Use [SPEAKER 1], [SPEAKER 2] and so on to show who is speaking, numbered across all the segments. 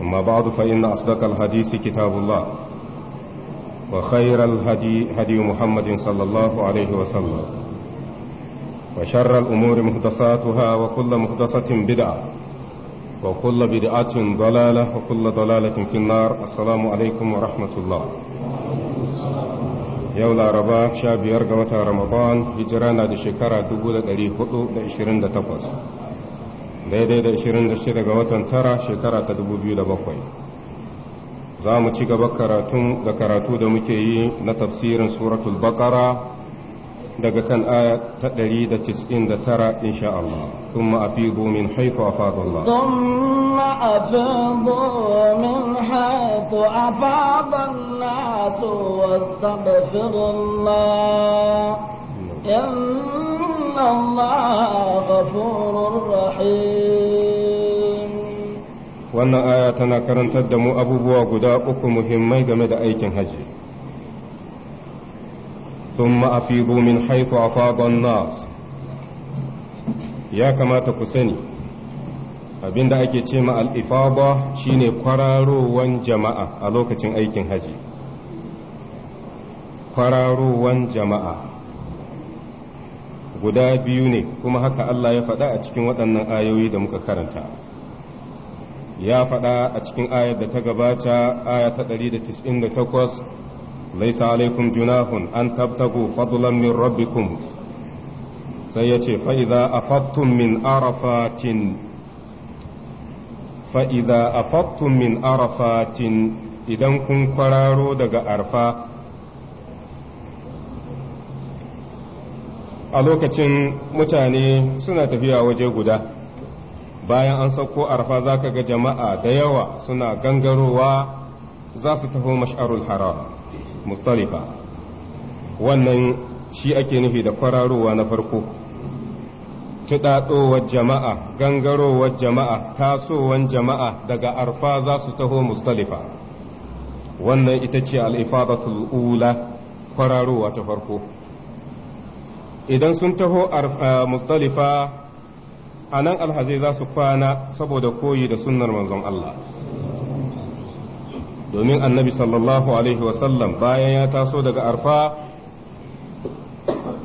[SPEAKER 1] أما بعد فإن أصدق الحديث كتاب الله وخير الهدي هدي محمد صلى الله عليه وسلم وشر الأمور محدثاتها وكل محدثة بدعة وكل بدعة ضلالة وكل ضلالة في النار السلام عليكم ورحمة الله yau laraba sha biyar ga watan ramadan hijira na da shekara 428 daidai da 26 ga watan tara shekara ta 2007 za mu ci gaba karatun da karatu da muke yi na tafsirin suratul baqara daga kan aya ta 199 insha Allah thumma afidu min haythu afada Allah
[SPEAKER 2] thumma afidu min haythu afada Allah wastaghfirullah
[SPEAKER 1] wannan aya tana karantar da mu abubuwa guda uku muhimmai game da aikin hajji ma’afi min haifu a fagon nas. ya kamata ku sani abinda ake ce ma al'ifaba ne kwararowan jama'a a lokacin aikin haji kwararowan jama'a guda biyu ne kuma haka Allah ya faɗa a cikin waɗannan ayoyi da muka karanta ya faɗa a cikin ayar da ta gabata aya ta 198 laisa alaikum junahun an tabtagu fadlan min rabbikum sai ya ce fa'iza fattun min arafatin fa'iza afattum min arafatin idan kun kwararo daga arfa a lokacin mutane suna tafiya waje guda bayan an sauko arfa za ka ga jama'a da yawa suna gangarowa za su taho mash'arul haram mustalifa wannan shi ake nufi da kwararowa na farko tuɗaɗowar jama'a gangarowar jama'a tasowar jama'a daga arfa za su taho mustalifa wannan ita ce al'ifadatul ula kwararowa ta farko idan sun taho eh, muzdalifa a nan alhazai za su kwana saboda koyi da sunnar manzon Allah domin annabi sallallahu alaihi wasallam bayan ya taso daga arfa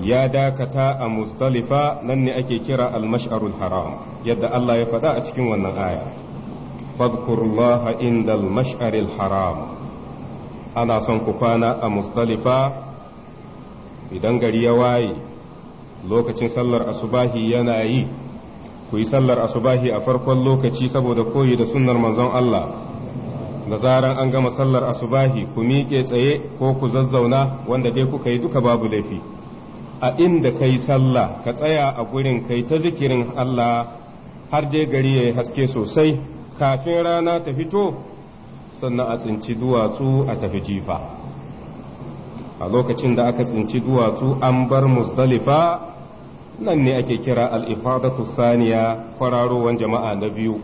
[SPEAKER 1] ya dakata a mustalifa nan ne ake kira almash'arul haram yadda Allah ya faɗa a cikin wannan aya fadkurullaha inda almash'aril haram ana son ku kwana a mustalifa idan gari ya waye lokacin sallar asubahi yana yi ku yi sallar asubahi a farkon lokaci saboda koyi da sunnar manzon Allah da zaran an gama sallar asubahi ku miƙe tsaye ko ku zazzauna wanda dai kuka yi duka babu laifi a inda ka yi sallah ka tsaya a gurin kai ta zikirin Allah har dai gari ya haske sosai kafin rana ta fito sannan a tsinci duwatsu a tafi jifa a lokacin da aka tsinci duwatsu an bar musdalifa nan ne ake kira al'ifadatu saniya kwararowar jama'a na biyu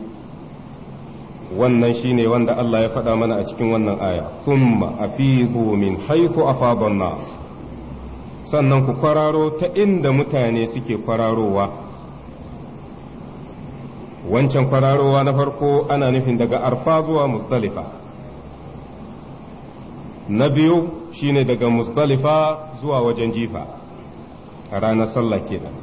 [SPEAKER 1] wannan shi ne wanda Allah ya faɗa mana a cikin wannan aya a fi min haifu afadan nas sannan ku kwararo ta inda mutane suke kwararowa wancan kwararowa na farko ana nufin daga arfa zuwa musdalifa na biyu shine daga musdalifa zuwa wajen jifa a ranar sallah kenan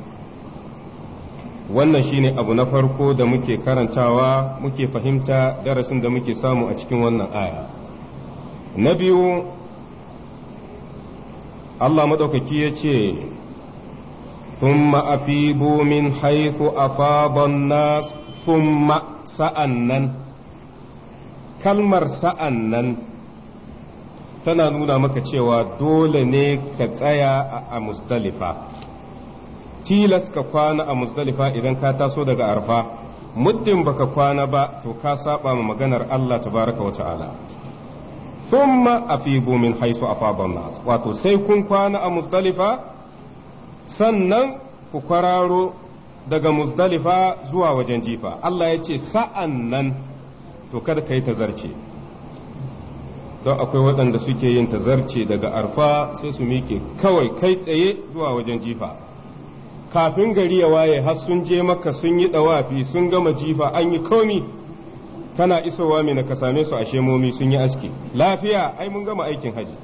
[SPEAKER 1] wannan shine abu na farko da muke karantawa muke fahimta darasin da muke samu a cikin wannan aya na biyu Allah maɗaukaki ya ce ثم أفيضوا من حيث أفاض nas ثم sa'annan kalmar sa'annan tana nuna maka cewa dole ne ka tsaya a mustalifa tilas ka kwana a muzdalifa idan ka taso daga arfa muddin baka kwana ba to ka saba ma maganar Allah tabaraka wa ta'ala thumma afibu min haisu afaban nas wato sai kun kwana a muzdalifa sannan ku kwararo daga muzdalifa zuwa wajen jifa Allah ya ce sa'an nan to kada ka yi tazarce don akwai waɗanda suke yin tazarce daga arfa sai su miƙe kawai kai tsaye zuwa wajen jifa kafin gari ya waye har sun je makka sun yi dawafi sun gama jifa an yi komi kana isowa mai ka same su a shemomi sun yi aski lafiya ai mun gama aikin haji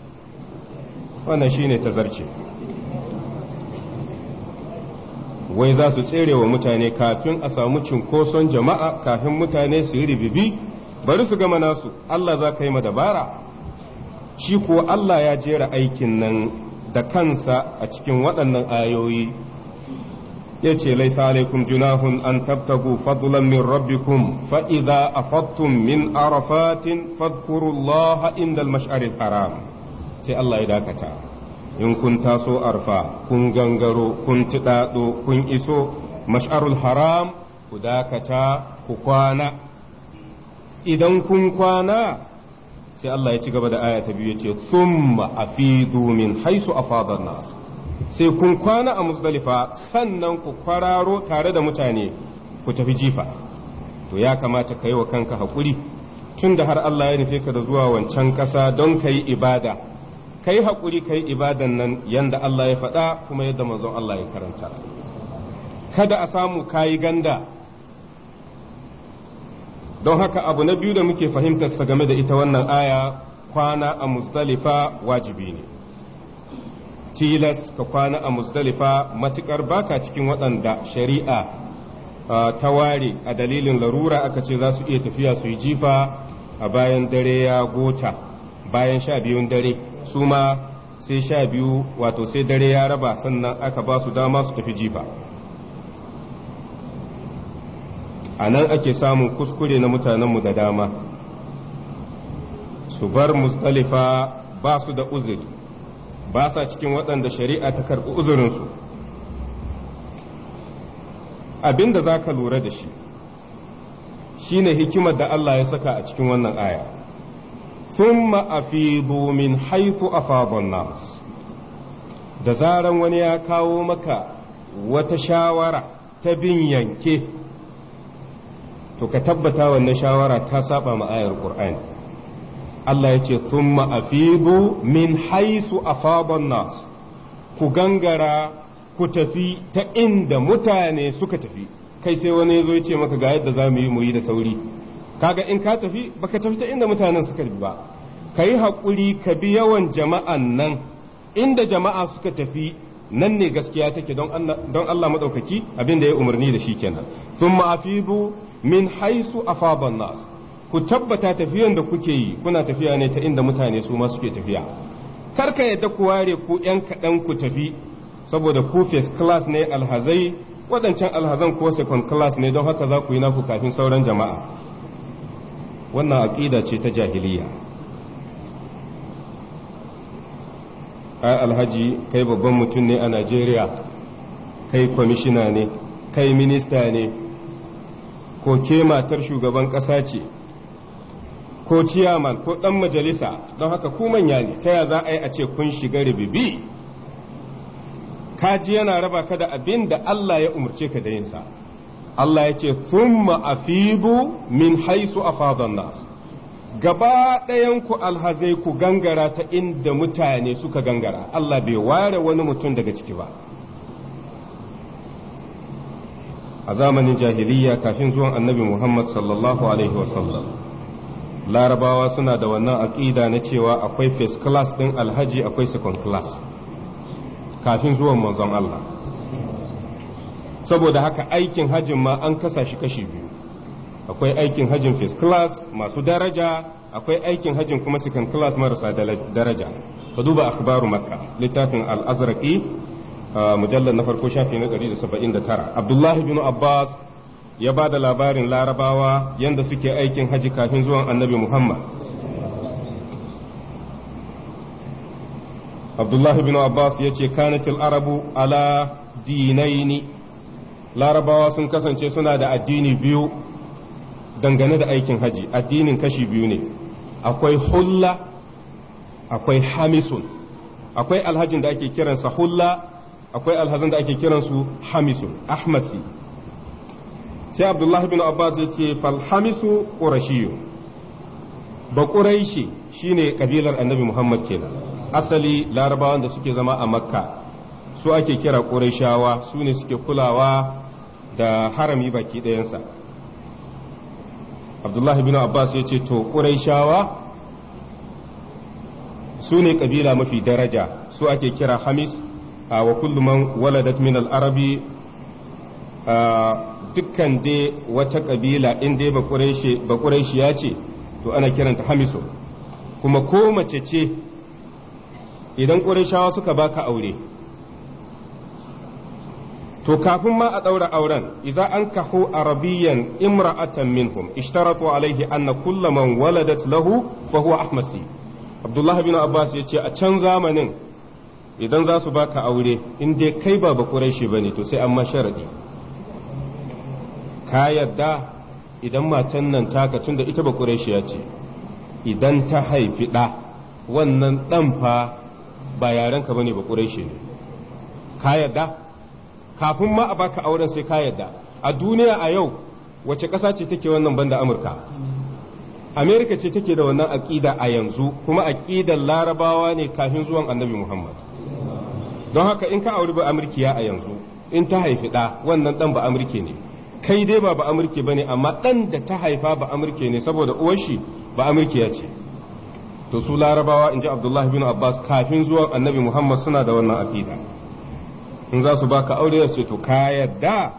[SPEAKER 1] wannan shine tazarce wai za su tsere wa mutane kafin a samu cinkoson jama'a kafin mutane su yi ribibi bari su gama nasu Allah za ka yi dabara shi kuwa Allah ya jera aikin nan da kansa a cikin waɗannan ayoyi yace laisa alaikum junahun an tabtagu fadlan min rabbikum fa a afattum min arafatin fadhkurullaha inda al-mash'aril haram sai Allah ya dakata in kun taso arfa kun gangaro kun tidado kun iso mash'arul haram ku dakata ku kwana idan kun kwana sai Allah ya ci gaba da aya ta biyu ya ce summa afidu min haisu afadan nas sai kun kwana a musdalifa sannan ku kwararo tare da mutane ku tafi jifa to ya kamata ka yi wa kanka haƙuri tun da har Allah ya nufe ka da zuwa wancan ƙasa don ka yi ibada ka yi haƙuri ka yi ibadan nan yadda Allah ya faɗa kuma yadda manzon Allah ya karanta kada a samu kayi ganda don haka abu na biyu da muke fahimtarsa game da ita wannan aya kwana a musdalifa wajibi ne tilas ka kwana a musdalifa matukar baka cikin waɗanda shari'a ta ware a dalilin larura aka ce za su iya tafiya su yi jifa a bayan dare ya gota bayan sha biyun dare su ma sai sha biyu wato sai dare ya raba sannan aka ba su dama su tafi jifa a nan ake samun kuskure na mutanenmu da dama su bar musdalifa ba su da uzuri ba sa cikin waɗanda shari'a ta karɓi uzurinsu abin da za ka lura da shi shi ne hikimar da Allah ya saka a cikin wannan aya ma'afi domin من a أفاض الناس da zaran wani ya kawo maka wata shawara ta bin yanke to ka tabbata wannan shawara ta saba ma'ayar ƙur'ani Qur'ani Allah ya ce summa afidu min haisu afadan nas ku gangara ku tafi ta inda mutane suka tafi kai sai wani ya zo ya ce maka ga yadda za mu yi mu da sauri kaga in ka tafi baka tafi ta inda mutanen suka tafi ba ka yi haƙuri ka bi yawan jama'an nan inda jama'a suka tafi nan ne gaskiya take don Allah maɗaukaki abin da ya umarni da shi kenan sun ma'afidu min haisu afaban nas ku tabbata tafiyan da kuke yi kuna tafiya ne ta inda mutane su ma suke tafiya kar ka yadda ku ware ku yan kaɗan ku tafi saboda ku first class ne alhazai waɗancan alhazan ko second class ne don haka za ku yi naku kafin sauran jama'a wannan aƙida ce ta jahiliya ai alhaji kai babban mutum ne a najeriya kai kwamishina ne kai minista ne ko ke matar shugaban ƙasa ce ko ciyaman ko ɗan majalisa don haka ku manya ne ta ya za a yi a ce kun shiga ribibi kaji yana raba ka da abin da Allah ya umarce ka da yinsa Allah ya ce thumma afidu min haisu afadan nas gaba ɗayan ku alhazai ku gangara ta inda mutane suka gangara Allah bai ware wani mutum daga ciki ba a zamanin jahiliya kafin zuwan annabi Muhammad sallallahu alaihi wasallam larabawa suna da wannan aƙida na cewa akwai first class ɗin alhaji akwai second class kafin zuwan manzon Allah saboda haka aikin hajin ma an kasa shi kashi biyu akwai aikin hajin first class masu daraja akwai aikin hajin kuma second class marasa daraja ka duba akhbaru makka littafin al-azraqi ah, mujallal na farko shafi na 179 abdullahi bin abbas ya ba da labarin larabawa yadda suke aikin haji kafin zuwan annabi Muhammad. Abdullah bin Abbas ya ce, Kanatil Arabu ala dinaini, larabawa sun kasance suna da addini biyu dangane da aikin haji, addinin kashi biyu ne, akwai hulla, akwai hamisun, akwai alhajin da ake kiransa hulla, akwai alhazin da ake kiransu hamisun, ahmasi. sai abdullahi bin abbas ya ce falhamisu ƙurashiyu ba ƙuraishi shine kabilar annabi muhammad kenan asali larabawan da suke zama a makka su ake kira ƙurashawa su ne suke kulawa da harami baki ɗayansa abdullahi bin abbas ya ce to ƙurashawa su ne kabila mafi daraja su ake kira hamis wa kulluman waladat min al-arabi dukkan dai wata kabila in dai bakureshi ya ce to ana kiranta hamiso kuma ko mace ce idan ƙurashawa suka baka aure to kafin ma a ɗaura auren iza an kahu arabiyan imra'atan minhum ishtaratu alaihi anna kulla man waladat lahu fa huwa ahmasi abdullah bin abbas ya ce a can zamanin idan za su baka aure in dai kai ba ba ne ne to sai an ma sharadi ka yarda idan matan nan taka da ita ba ya ce idan ta haifi ɗa wannan ɗan fa ba yarenka bane ba ne ka yarda kafin ma a baka auren sai ka yarda a duniya a yau wace ƙasa ce take wannan banda amurka amerika ce take da wannan aƙida a yanzu kuma aƙidar larabawa ne kafin zuwan annabi muhammad don haka in ka auri ba amurkiya a yanzu in ta haifi ɗa wannan ɗan ba amurke ne kai dai ba ba amurke ba ne amma ɗan da ta haifa ba amurke ne saboda uwar shi ba amurke ya ce to su larabawa in ji abdullahi bin abbas kafin zuwan annabi muhammad suna da wannan aƙida in za su baka aure ya ce to ka yarda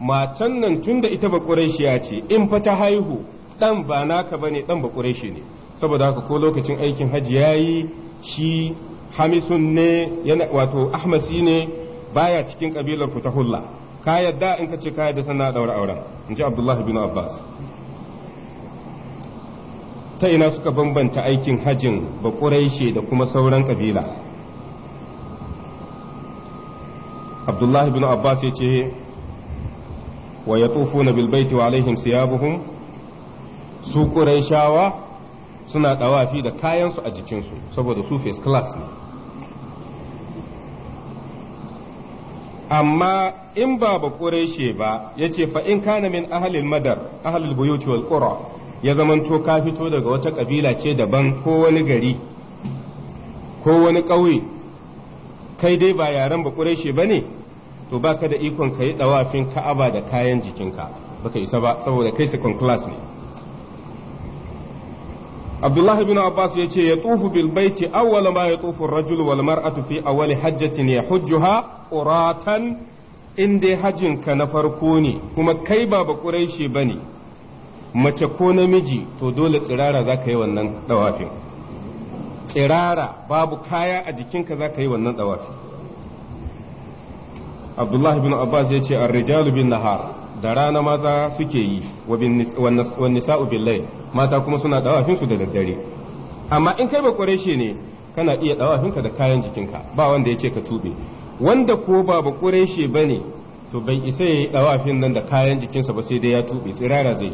[SPEAKER 1] macen nan tun da ita ba ya ce in fa ta haihu ɗan ba naka ba ne ɗan ba shi ne saboda haka ko lokacin aikin hajji ya yi shi hamisun ne wato ahmasi ne baya cikin ƙabilar fitahullah ka yadda in ka ce ka yadda sannan daura auren in ji abdullahi bin abbas ta ina suka bambanta aikin hajjin bakuraishe da kuma sauran kabila abdullahi bin abbas ya ce wa ya tufu na bilbaiti wa alaihim siyabuhum su ƙuraishawa suna ɗawafi da kayansu a jikinsu saboda su face class ne amma in ba ba ƙureshe ba ya ce fa in kana min ahalil madar ahalil buyuti wal ƙura ya zamanto ka fito daga wata ƙabila ce daban ko wani gari ko wani ƙauye kai dai ba yaren ba ƙureshe ba ne to ba ka da ikon ka yi ɗawafin ka'aba da kayan jikinka baka isa ba saboda kai second class ne Abdullahi bin Abbas ya ce ya tufu bil baiti awwala ma ya tsufu rajul wal mar'atu fi awwali hajjatin ya hujjuha uratan in dai hajjin ka na farko ne kuma kai ba ba quraishi bane mace ko namiji to dole tsirara zaka yi wannan dawafin tsirara babu kaya a jikinka zaka yi wannan dawafin Abdullahi bin Abbas ya ce ar-rijalu bin nahar da rana maza suke yi wa nisa'u billahi mata kuma suna dawafin su da daddare amma in kai ba quraishi ne kana iya ka da kayan jikinka ba wanda ya ce ka tube wanda ko ba ba ne bane to bai isa ya yi dawafin nan da kayan jikinsa ba sai dai ya tube tsirara zai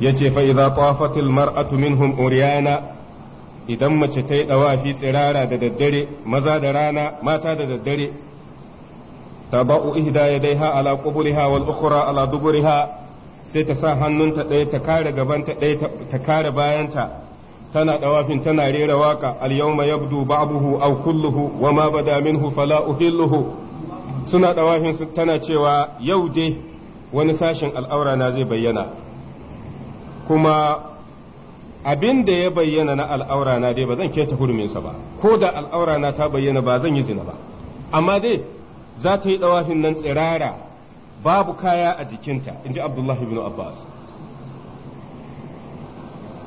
[SPEAKER 1] yace fa idza tawafatil mar'atu minhum uriyana idan mace ta yi dawafi tsirara da daddare maza da rana mata da daddare تضع إهدى يديها على قبلها والأخرى على دبرها sai ta sa hannunta ɗaya ta kare gabanta ɗaya ta kare bayanta tana ɗawafin tana rera waka alyawma yabdu ba'buhu aw kulluhu wa ma bada minhu fala uhilluhu suna ɗawafin su tana cewa yau dai wani sashen al'aura na zai bayyana kuma abin da ya bayyana na al'aura na dai ba zan keta huruminsa ba ko da al'aura na ta bayyana ba zan yi zina ba amma dai za ta yi ɗawafin nan tsirara babu kaya a jikinta in ji abdullahi bin abbas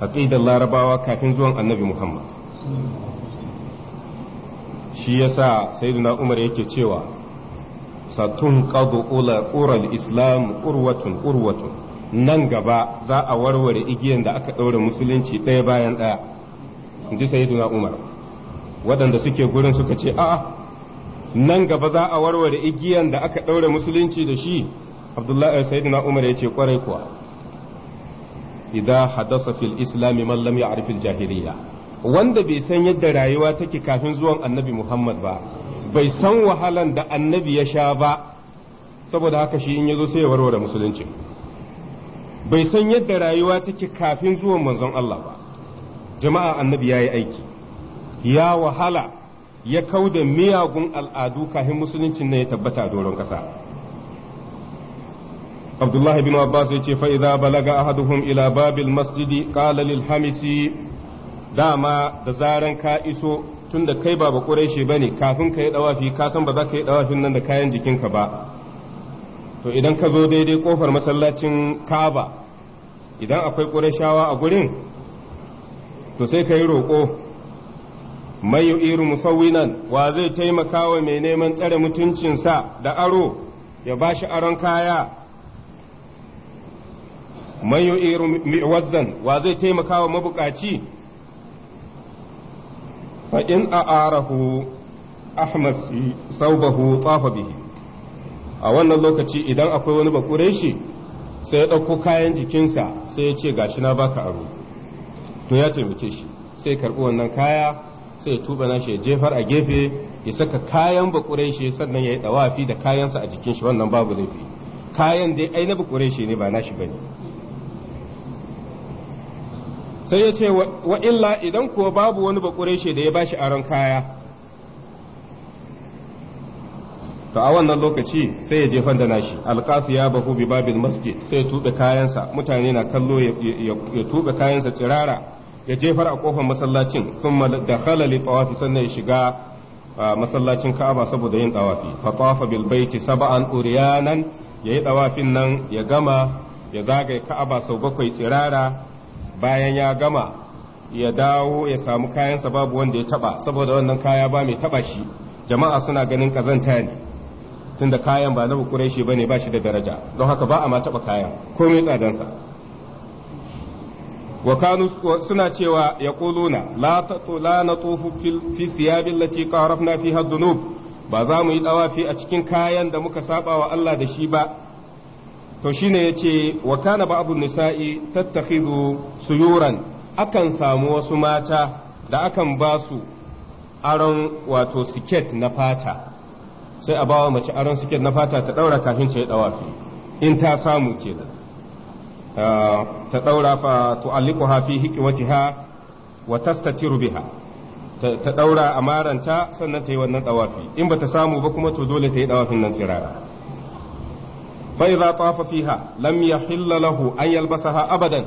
[SPEAKER 1] A aqidar larabawa kafin zuwan annabi muhammad shi ya yasa sayyidina umar yake cewa satun qadu ural islam urwatun urwatun nan gaba za a warware igiyan da aka ɗaure musulunci ɗaya bayan ɗaya in ji sayyidina umar waɗanda suke gurin suka ce a'a nan gaba za a warware igiyan da aka ɗaure musulunci da shi abdullahi eh, sayyidina umar ya ce kwarai kuwa idan hadasa fil islami man lam ya'rif al jahiliya wanda bai san yadda rayuwa take kafin zuwan annabi muhammad ba bai san wahalan da annabi ya sha ba saboda haka shi in yazo sai ya warware musulunci bai san yadda rayuwa take kafin zuwan manzon Allah ba jama'a annabi yayi aiki ya wahala ya kau da miyagun al'adu kafin musuluncin na ya tabbata a doron kasa. Abdullahi bin Abbas ya ce fa'iza balaga ahaduhum ila babil masjidi ƙala hamisi dama da zaran ka iso tun da kai baba ba ƙureshi ba ne kafin ka yi ɗawafi ka ba za ka yi ɗawafin nan da kayan jikinka ba. To idan ka zo daidai ƙofar masallacin Ka'aba idan akwai ƙureshawa a gurin to sai ka yi roƙo mai iri musawwinan wa zai taimaka wa mai neman tsare mutuncinsa da aro ya ba shi aron kaya mai iri mi'wazzan wa zai taimaka wa mabukaci fa in a'arahu ahmad saubahu tsafa bihi a wannan lokaci idan akwai wani bakure shi sai ya ɗauko kayan jikinsa sai ya ce gashi na baka aro to ya taimake shi sai karɓi wannan kaya sai ya tuba nashi ya jefar a gefe ya saka kayan bakurai shi sannan ya yi dawafi da kayansa a jikin shi wannan babu laifi kayan dai ai na bakurai shi ne ba nashi bane sai ya ce wa illa idan kuwa babu wani bakurai shi da ya bashi aron kaya to a wannan lokaci sai ya jefan da nashi alqafi ya bahu bi babil masjid sai ya kayansa mutane na kallo ya tuba kayansa tsirara ya jefar a kofar masallacin sun da halali tawafi sannan ya shiga masallacin ka'aba saboda yin tawafi fa tawafa bil baiti sab'an uriyanan yayi tawafin nan ya gama ya zagaye ka'aba sau bakwai tsirara bayan ya gama ya dawo ya samu kayansa babu wanda ya taba saboda wannan kaya ba mai taba shi jama'a suna ganin kazanta ne tunda kayan ba na bukurai shi bane ba shi da daraja don haka ba a ma taba kayan komai tsadansa wa kanu suna cewa yaquluna la tatu na natufu fi siyabi allati qarafna fiha dhunub ba za mu yi dawafi a cikin kayan da muka saba wa Allah da shi ba to shine yace wa kana ba'dun nisa'i tattakhidhu suyuran akan samu wasu mata da akan ba su aron wato siket na fata sai a bawa mace aron siket na fata ta daura kafin ta yi dawafi in ta samu kenan ta daura fa ha fi hikmatiha wa tastatiru biha ta daura amaranta sannan ta yi wannan dawafi in bata samu ba kuma to dole ta yi dawafin nan tsirara fa idza tafa fiha lam yahill lahu an yalbasaha abadan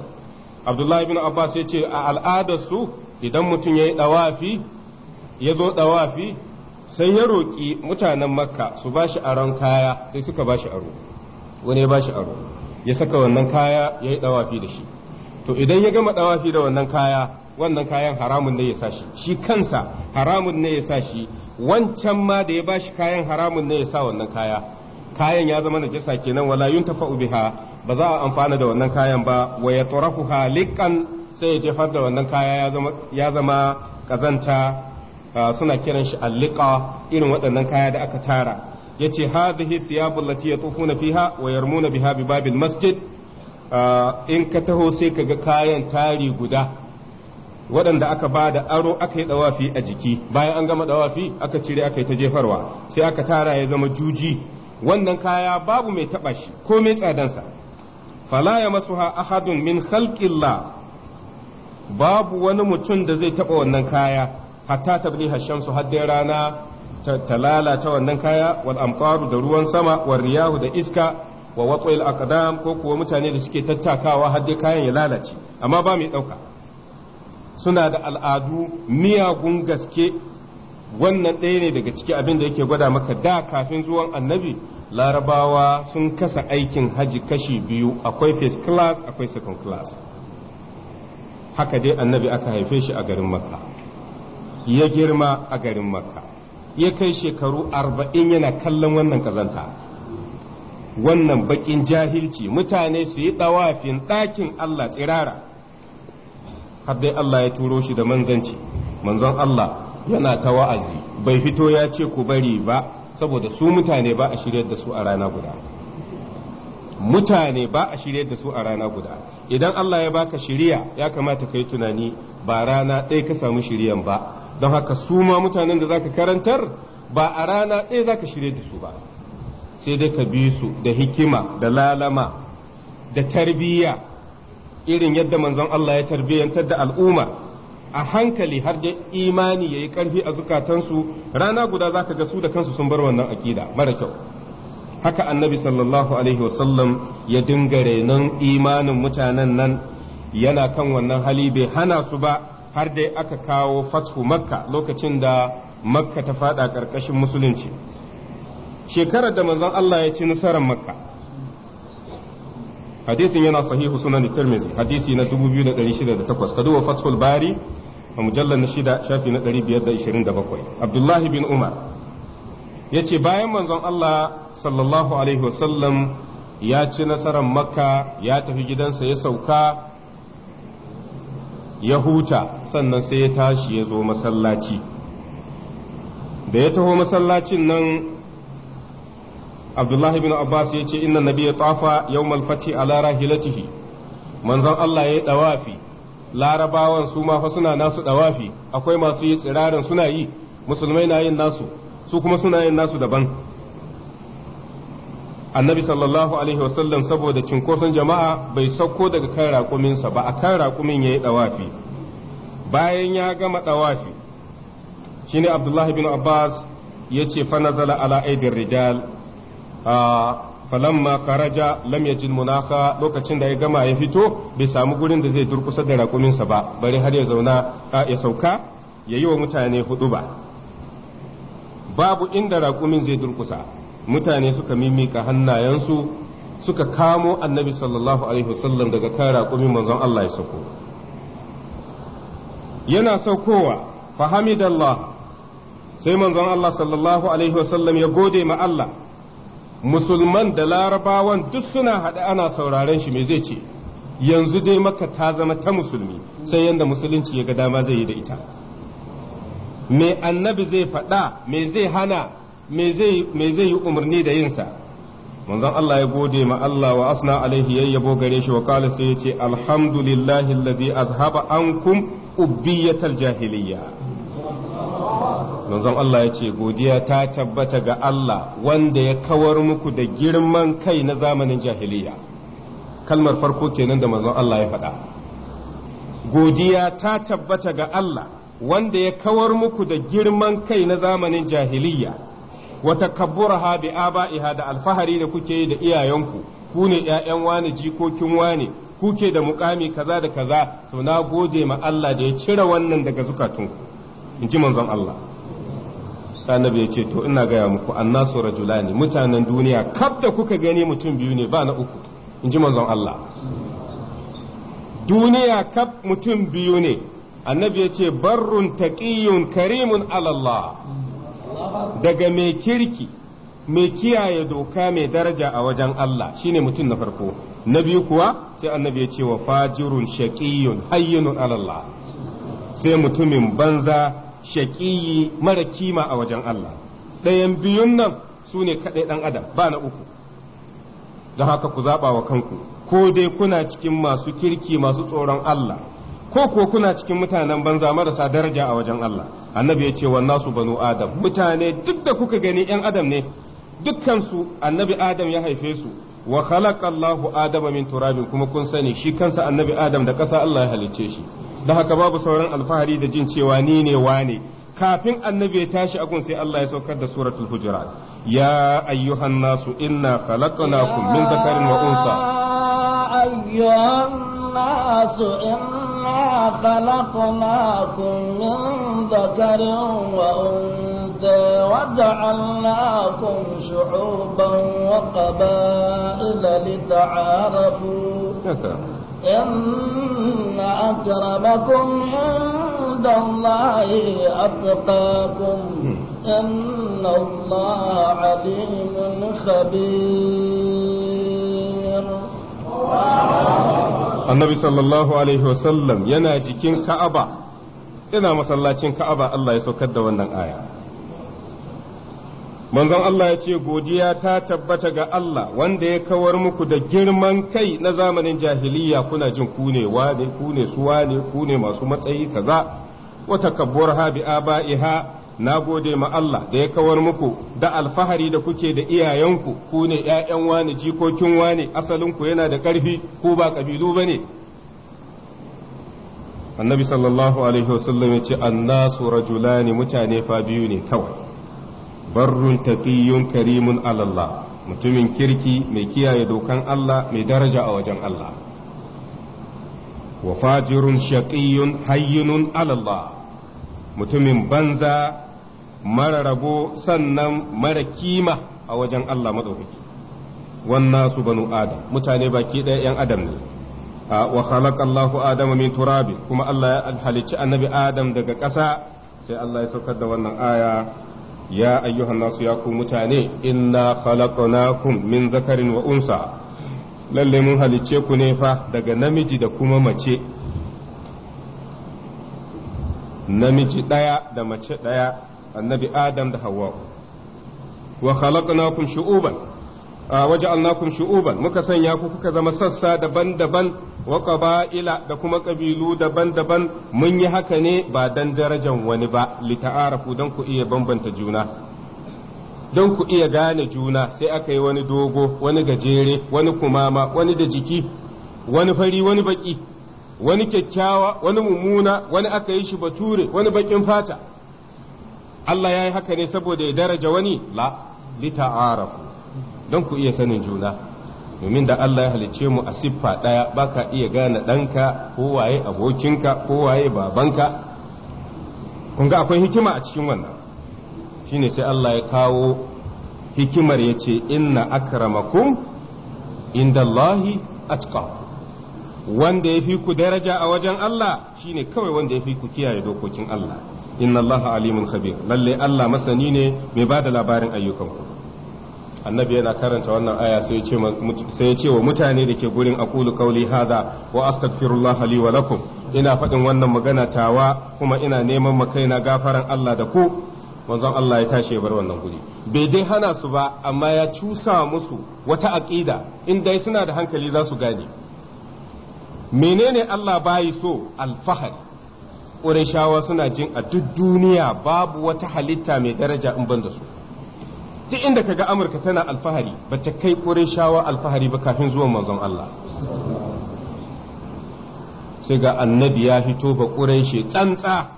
[SPEAKER 1] abdullahi ibn abbas yace a al'adarsu idan mutum yayi dawafi ya zo dawafi sai ya roki mutanen makka su bashi aron kaya sai suka ba shi aro wani ya ba aro ya saka wannan kaya ya yi dawafi da shi to idan ya gama dawafi da wannan kaya wannan kayan haramun ne ya sa shi shi kansa haramun ne ya sa shi wancan ma da ya ba shi kayan haramun ne ya sa wannan kaya kayan ya zama najasa kenan wala yuntafa biha ba za a amfana da wannan kayan ba wa yatrafuha halikan sai ya jefar da wannan kaya ya zama kazanta ah, suna kiran shi alliqa irin waɗannan kaya da aka tara yace hadhihi siyabu allati yatufuna fiha wa yarmuna biha bi babil masjid uh, in ka taho sai kaga kayan tari guda waɗanda aka ba da aro aka yi dawafi a jiki bayan an gama dawafi aka cire aka yi ta jefarwa sai aka tara ya zama juji wannan kaya babu mai taɓa shi ko mai tsadansa fala ya ha ahadun min khalqillah babu wani mutum da zai taɓa wannan kaya hatta tabliha shamsu har rana ta lalata wannan kaya wal amtaru da ruwan sama wal riyahu da iska wa watsil aqdam ko kuwa mutane da suke tattakawa har dai kayan ya lalace amma ba mai dauka suna da al'adu miyagun gaske wannan ɗaya ne daga ciki abin da yake gwada maka da kafin zuwan annabi larabawa sun kasa aikin haji kashi biyu akwai first class akwai second class haka dai annabi aka haife shi a garin makka ya girma a garin makka ya kai shekaru arba'in yana kallon wannan kazanta wannan bakin jahilci mutane su yi ɗawafin ɗakin Allah tsirara har dai Allah ya turo shi da manzanci manzon Allah yana ta wa'azi bai fito ya ce ku bari ba saboda su mutane ba a shirya da su a rana guda mutane ba a shirya da su a rana guda idan Allah ya baka shirya ya kamata ka yi tunani ba rana ɗaya ka samu shiryan ba don haka su ma mutanen da zaka karantar ba a rana ɗaya zaka shirya da su ba sai dai ka bi su da hikima da lalama da tarbiyya irin yadda manzon Allah ya tarbiyyantar da al'umma a hankali har da imani ya yi karfi a zukatansu rana guda zaka ga su da kansu sun bar wannan akida mara kyau haka annabi sallallahu alaihi wasallam ya dinga renon imanin mutanen nan yana kan wannan hali bai hana su ba har dai aka kawo fathu makka lokacin da makka ta fada ƙarƙashin musulunci shekarar da manzon Allah ya ci nasarar makka hadisin yana sahihu sunan tirmidhi hadisi na 2608 kaduwa fathul bari a mujallar na shida shafi na 527 abdullahi bin umar ya ce bayan manzon Allah sallallahu alaihi wasallam ya ci nasarar makka ya tafi gidansa ya sauka ya huta sannan sai ya tashi ya zo masallaci da ya taho masallacin nan abdullahi bin abbas ya ce inna nabiya tafa yawmal fati ala rahilatihi manzon Allah ya yi dawafi larabawan su ma fa suna nasu dawafi akwai masu yi tsirarin suna yi musulmai na yin nasu su kuma suna yin nasu daban annabi sallallahu alaihi wasallam saboda cinkoson jama'a bai sauko daga kan raƙuminsa ba a kan raƙumin ya yi dawafi bayan ya gama ɗawafi shine abdullahi bin abbas ya ce fa zala ala aidin rijal falamma karaja lam yajid munaka lokacin da ya gama ya fito bai samu gurin da zai durkusa da raƙuminsa ba bari har ya zauna ya sauka ya yi wa mutane hudu ba babu inda raƙumin zai durkusa mutane suka mimika hannayensu suka kamo annabi sallallahu alaihi wasallam daga kan raƙumin manzon Allah ya sako yana saukowa fahamidallah sai manzon Allah sallallahu alaihi wasallam ya gode ma Allah musulman da larabawan duk suna haɗe ana sauraren shi me zai ce yanzu dai maka ta zama ta musulmi sai yadda musulunci ya ga dama zai yi da ita me annabi zai faɗa me zai hana me zai yi umarni da yinsa manzon Allah ya gode ma Allah wa asna alaihi yayyabo gare shi wa kala sai ya ce alhamdulillahi allazi azhaba ankum ubbiyatal jahiliya manzon Allah ya ce godiya ta tabbata ga Allah wanda ya kawar muku da girman kai na zamanin jahiliya kalmar farko kenan da manzon Allah ya faɗa godiya ta tabbata ga Allah wanda ya kawar muku da girman kai na zamanin jahiliya wa takabburaha bi aba'iha da alfahari da kuke yi da iyayenku ku ne ƴaƴan wani jikokin wani kuke da mukami kaza da kaza to na gode ma Allah da ya cire wannan daga zukatunku in ji manzon Allah annabi ya ce to ina gaya muku annasu rajulani mutanen duniya kaf da kuka gani mutum biyu ne ba na uku in ji manzon Allah duniya kaf mutum biyu ne annabi ya ce barrun taqiyun karimun alallah daga mai kirki mai kiyaye doka mai daraja a wajen Allah shine mutum na farko na biyu kuwa sai annabi ya ce wa fajirun shaqiyun hayyinun Allah sai mutumin banza shaqiyi mara kima a wajen Allah ɗayan biyun nan su ne kaɗai ɗan adam ba na uku don haka ku zaɓa wa kanku ko dai kuna cikin masu kirki masu tsoron Allah ko ko kuna cikin mutanen banza marasa daraja a wajen Allah annabi ya ce wannan su banu adam mutane duk da kuka gani 'yan adam ne dukkansu annabi adam ya haife su wa khalaqa Allahu Adama min turabin kuma kun sani shi kansa annabi Adam da ƙasa Allah ya halicce shi da haka babu sauran alfahari da jin cewa ni ne wane kafin annabi ya tashi agun sai Allah ya saukar da suratul hujurat ya ayyuhan nasu inna khalaqnakum min dhakarin wa unsa
[SPEAKER 2] ayyuhan nasu inna khalaqnakum min dhakarin wa unsa حتى وجعلناكم شعوبا وقبائل لتعارفوا إن أكرمكم عند الله أتقاكم إن الله عليم خبير
[SPEAKER 1] Annabi sallallahu Alaihi wasallam yana jikin Ka'aba, ina masallacin Ka'aba Allah ya saukar da wannan aya. manzon Allah ya ce godiya ta tabbata ga Allah wanda ya kawar muku da girman kai na zamanin jahiliya kuna jin ku ne wane ku ne su masu matsayi kaza wata takabbuwar ha bi aba'iha na gode ma Allah da ya kawar muku da alfahari da kuke da iyayenku ku ne ƴaƴan wani jikokin wane asalinku yana da ƙarfi ku ba kabilu bane annabi sallallahu alaihi wasallam ya ce annasu rajulani mutane fa biyu ne kawai barrun taqiyyun karimun alallah mutumin kirki mai kiyaye dokan Allah mai daraja a wajen Allah wa fajirun shaqiyyun hayyinun alallah mutumin banza mara rabo sannan mara kima a wajen Allah maɗaukaki wannan su banu adam mutane baki ɗaya 'yan adam ne wa khalaqa Allahu adama min turabi kuma Allah ya halicci annabi adam daga ƙasa sai Allah ya saukar da wannan aya ya ayyuhan nasu ya ku mutane inna khalaqnakum min zakarin wa unsa lalle mun halicce ku ne fa daga namiji da kuma mace namiji ɗaya da mace ɗaya annabi adam da hawa wa khalaqnakum shu'uban Ah, waje shu'uban muka sanya ku kuka zama sassa daban-daban wa qaba'ila da kuma kabilu daban-daban mun yi haka ne ba dan darajan wani ba lita'arafu dan ku iya bambanta juna dan ku iya gane juna sai aka yi wani dogo wani gajere wani kumama wani da jiki wani fari wani baki wani kyakkyawa wani mummuna wani aka yi shi bature wani bakin fata Allah ya yi haka ne saboda ya daraja wani la lita'arafu don ku iya sanin juna domin da Allah ya halicce mu a siffa ɗaya baka iya gane ɗanka ko waye abokinka ko waye babanka kun ga akwai hikima a cikin wannan shine sai Allah ya kawo hikimar ya ce inna akramakum indallahi atqa wanda ya fi ku daraja a wajen Allah shine kawai wanda ya fi ku kiyaye dokokin Allah inna Allah alimun khabir lalle Allah masani ne mai ba da labarin ku? annabi yana karanta wannan aya sai ya ce wa mutane da ke gurin aqulu qawli hadha wa astaghfirullah li wa lakum ina faɗin wannan magana tawa kuma ina neman ma kaina gafaran Allah da ku manzon Allah ya tashi bar wannan guri bai dai hana su ba amma ya cusa musu wata aqida in dai suna da hankali za su gane menene Allah bayi so alfahari shawa suna jin a duk duniya babu wata halitta mai daraja in ban da su duk inda kaga amurka tana alfahari ba ta kai shawa alfahari ba kafin zuwan manzon Allah sai ga annabi ya fito ba shi tsantsa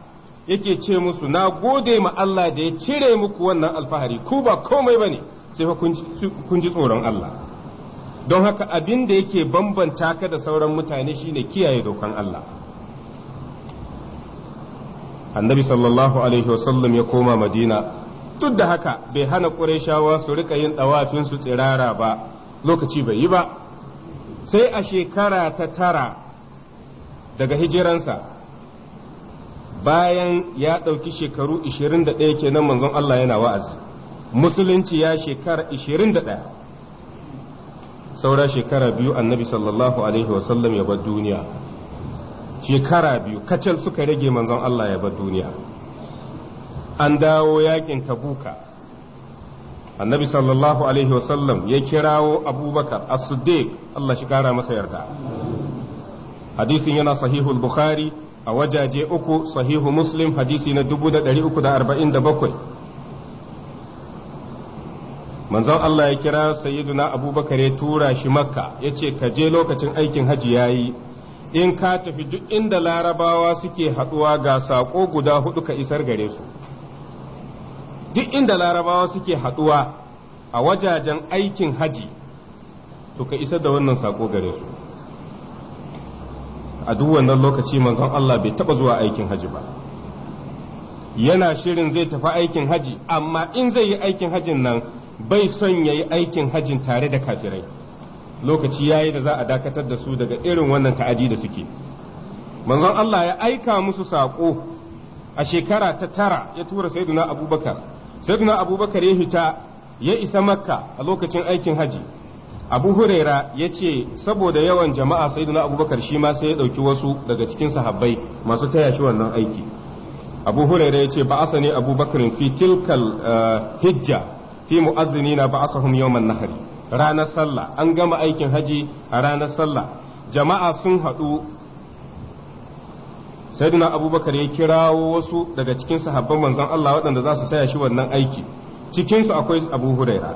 [SPEAKER 1] yake ce musu na gode ma Allah da ya cire muku wannan alfahari ku ba komai ba sai fa kun ji tsoron Allah don haka abin da yake bambanta ka da sauran mutane shine kiyaye dokan Allah annabi sallallahu alaihi wasallam ya koma madina duk da haka bai hana ƙurashawa su rika yin ɗawafin su tsirara ba lokaci bai yi ba sai a shekara ta tara daga hijiransa bayan ya ɗauki shekaru 21 kenan manzon Allah yana wa'azi musulunci ya shekara 21 saura shekara biyu annabi sallallahu alaihi wasallam ya bar duniya shekara biyu kacal suka rage manzon Allah ya bar duniya an dawo yakin tabuka annabi sallallahu alaihi wasallam ya kirawo abubakar as-siddiq Allah shi kara masa yarda hadisin yana al bukhari a wajaje uku sahihu muslim hadisi na 347 manzon Allah ya kira sayyiduna abubakar ya tura shi makka yace ka je lokacin aikin hajji yayi in ka tafi duk inda larabawa suke haɗuwa ga saƙo guda hudu ka isar gare su duk inda larabawa suke haɗuwa a wajajen aikin haji to ka isar da wannan sako gare su a duk wannan lokaci manzon Allah bai taɓa zuwa aikin haji ba yana shirin zai tafi aikin haji amma in zai yi aikin hajin nan bai son ya yi aikin hajin tare da kafirai lokaci ya yi da za a dakatar da su daga irin wannan ta'adi da suke manzon Allah ya aika musu sako a shekara ta tara ya tura saiduna abubakar sayyidina abubakar ya fita ya isa makka a lokacin aikin haji abu yace saboda yawan jama'a sayyidina abubakar shi ma sai ya ɗauki wasu daga cikin sahabbai masu taya shi wannan aiki abu huraira ya ce ba ne abubakar fi tilkal eh, hijja fi mu'azzini na ba asa yawman nahari ranar sallah an gama aikin haji a ranar sallah jama'a sun haɗu sayyidina abubakar ya kirawo wasu daga cikin sahabban manzon Allah waɗanda za su taya shi wannan aiki cikin su akwai abu huraira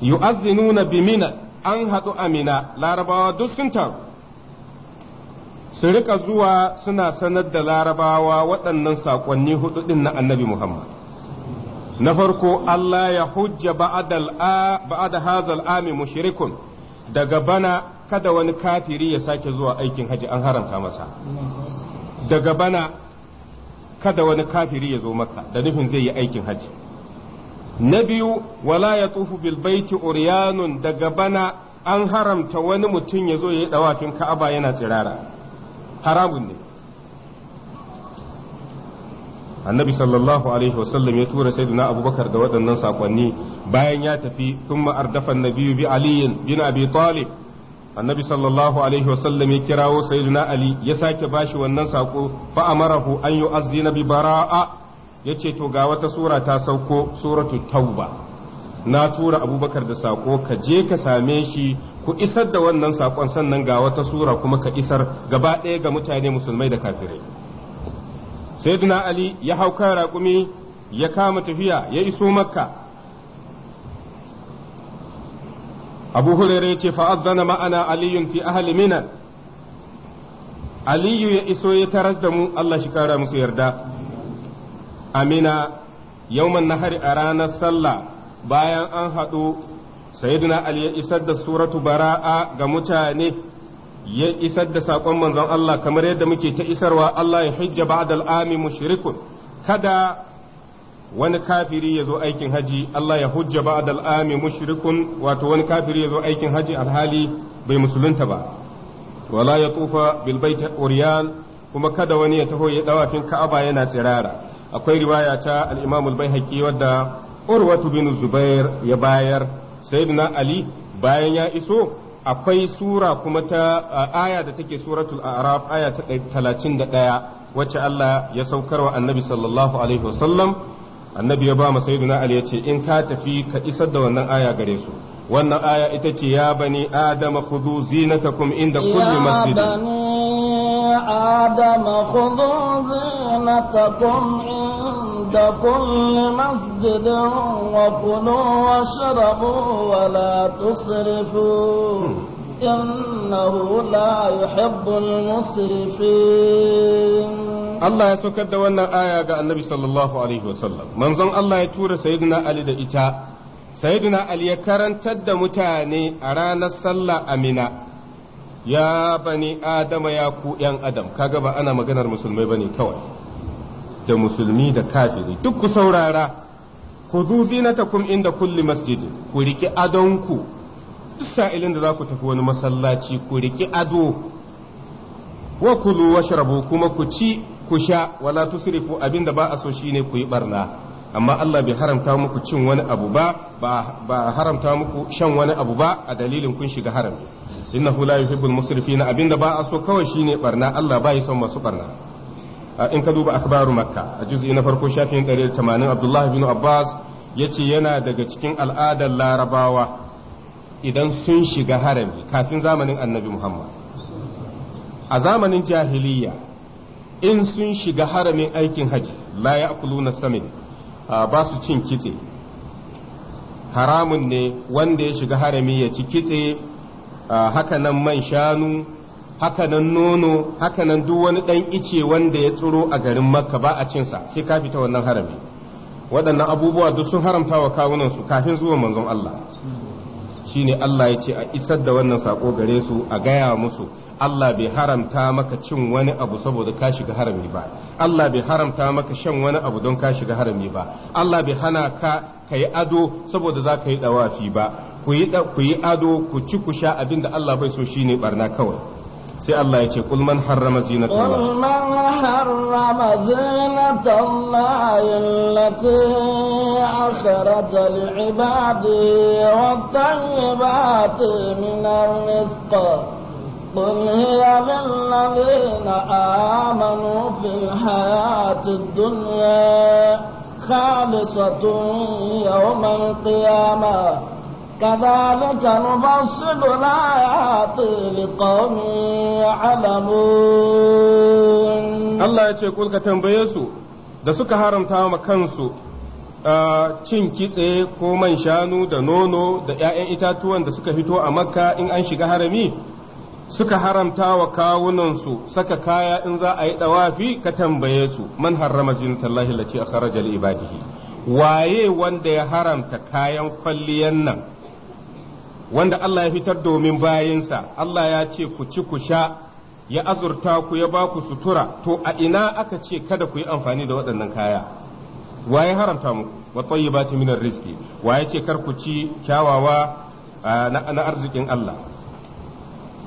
[SPEAKER 1] yu'azzinuna bi mina an haɗu amina larabawa duk sun taru zuwa suna sanar da larabawa waɗannan saƙonni hudu ɗin na annabi muhammad na farko Allah ya hujja ba'ada hazal ami mushrikun daga bana kada wani kafiri ya sake zuwa aikin haji an haramta masa daga bana kada wani kafiri ya zo maka da nufin zai yi aikin haji na biyu wala ya tsufu bilbaiti uriyanun daga bana an haramta wani mutum ya zo ya yi dawafin ka'aba yana tsirara haramun ne annabi sallallahu alaihi wasallam ya tura saidina abubakar da waɗannan sakonni bayan ya tafi sun ma'ardafan nabiyu bi aliyin bin abi talib annabi sallallahu alaihi wasallam ya kirawo sayyidina ali ya sake bashi wannan sako fa amarahu an yu'azzina bi bara'a yace to ga wata sura ta sauko suratu tauba na tura abubakar da sako ka je ka same shi ku isar da wannan sakon sannan ga wata sura kuma ka isar gaba ɗaya ga mutane musulmai da kafirai sayyidina ali ya hau kan raƙumi ya kama tafiya ya iso makka abu hurairu ce fa ma'ana aliyun fi ahli mina aliyu ya iso ya taras da mu Allah shi kara musu yarda amina yawman nahari a ranar sallah bayan an haɗu sayyidina ali ya isar da suratu bara'a ga mutane ya isar da saƙon manzon Allah kamar yadda muke ta isarwa Allah ya hijja ba'dal ami mushrikun kada wani kafiri ya zo aikin haji Allah ya hujja ba da al'ami mushrikun wato wani kafiri ya zo aikin haji alhali bai musulunta ba wala ya tufa bilbaita uriyan kuma kada wani ya taho ya dawafin ka'aba yana tsirara akwai riwaya ta alimamul imam al wadda urwatu bin zubair ya bayar sayyidina ali bayan ya iso akwai sura kuma ta aya da take suratul a'raf aya ta 31 wacce Allah ya saukar wa annabi sallallahu alaihi wasallam annabi ya ba mu sayyiduna ali yace in ka tafi ka isar da wannan aya gare su wannan aya ita ce ya bani adama khudhu zinatakum inda kulli masjid ya
[SPEAKER 2] bani adama khudhu zinatakum inda kulli masjid wa kulu washrabu wa la إنه لا يحب المسرفين
[SPEAKER 1] Allah ya saukar da wannan aya ga annabi sallallahu alaihi wasallam manzon Allah ya tura sayyidina Ali da ita sayyidina Ali ya karantar da mutane a ranar sallah amina ya bani adama ya ku yan adam kaga ba ana maganar musulmai bane kawai da musulmi da kafiri duk ku saurara khudhu zinatakum inda kulli masjid ku riki adonku duk sa'ilin da za ku tafi wani masallaci ku riki ado wa kulu washrabu kuma ku ci ku sha wala tusrifu abinda ba a so shine ku yi barna amma Allah bai haramta muku cin wani abu ba ba haramta muku shan wani abu ba a dalilin kun shiga harami innahu la yuhibbul musrifina abinda ba a so kawai shine barna Allah bai son masu barna in ka duba akhbaru makka a juz'i na farko shafin 180 Abdullah bin Abbas yace yana daga cikin al'adar larabawa idan sun shiga harami kafin zamanin annabi Muhammad a zamanin jahiliya in sun shiga haramin aikin haji la na samin ba su cin kitse haramun ne wanda ya shiga harami ya ci kitse hakanan man shanu hakanan nono hakanan duk wani ɗan ice wanda ya tsiro a garin makka ba a cinsa sai ka fita wannan harami waɗannan abubuwa duk sun haramta wa kawunansu kafin zuwa manzon Allah shine Allah ya ce a isar da wannan sako gare su a gaya musu Allah bai haramta maka cin wani abu saboda ka shiga harami ba Allah bai haramta maka shan wani abu don ka shiga harami ba Allah bai hana ka ka yi ado saboda za ka yi dawafi ba ku yi ado ku ci ku sha abin da Allah bai so shi ne barna kawai sai Allah ya ce kul man harrama zinata Allah
[SPEAKER 2] قل هي للذين آمنوا في الحياة الدنيا خالصة يوم القيامة كذلك نفصل الآيات لقوم يعلمون
[SPEAKER 1] الله يقول كتن بيسو da suka haramta ma kansu cin kitse ko man shanu da nono da ‘ya'yan itatuwan da suka fito a makka in an shiga harami suka haramta wa kawunansu saka kaya in za a yi dawafi ka tambaye su man harrama zinatallahi lati akhrajal ibadihi waye wanda ya haramta kayan kwalliyan nan wanda Allah ya fitar domin bayinsa Allah ya ce ku ci ku sha ya azurta ku ya ba ku sutura to a ina aka ce kada ku yi amfani da waɗannan kaya waye haramta mu wa tayyibati minar rizqi waye ce kar ku ci kyawawa ah, na arzikin Allah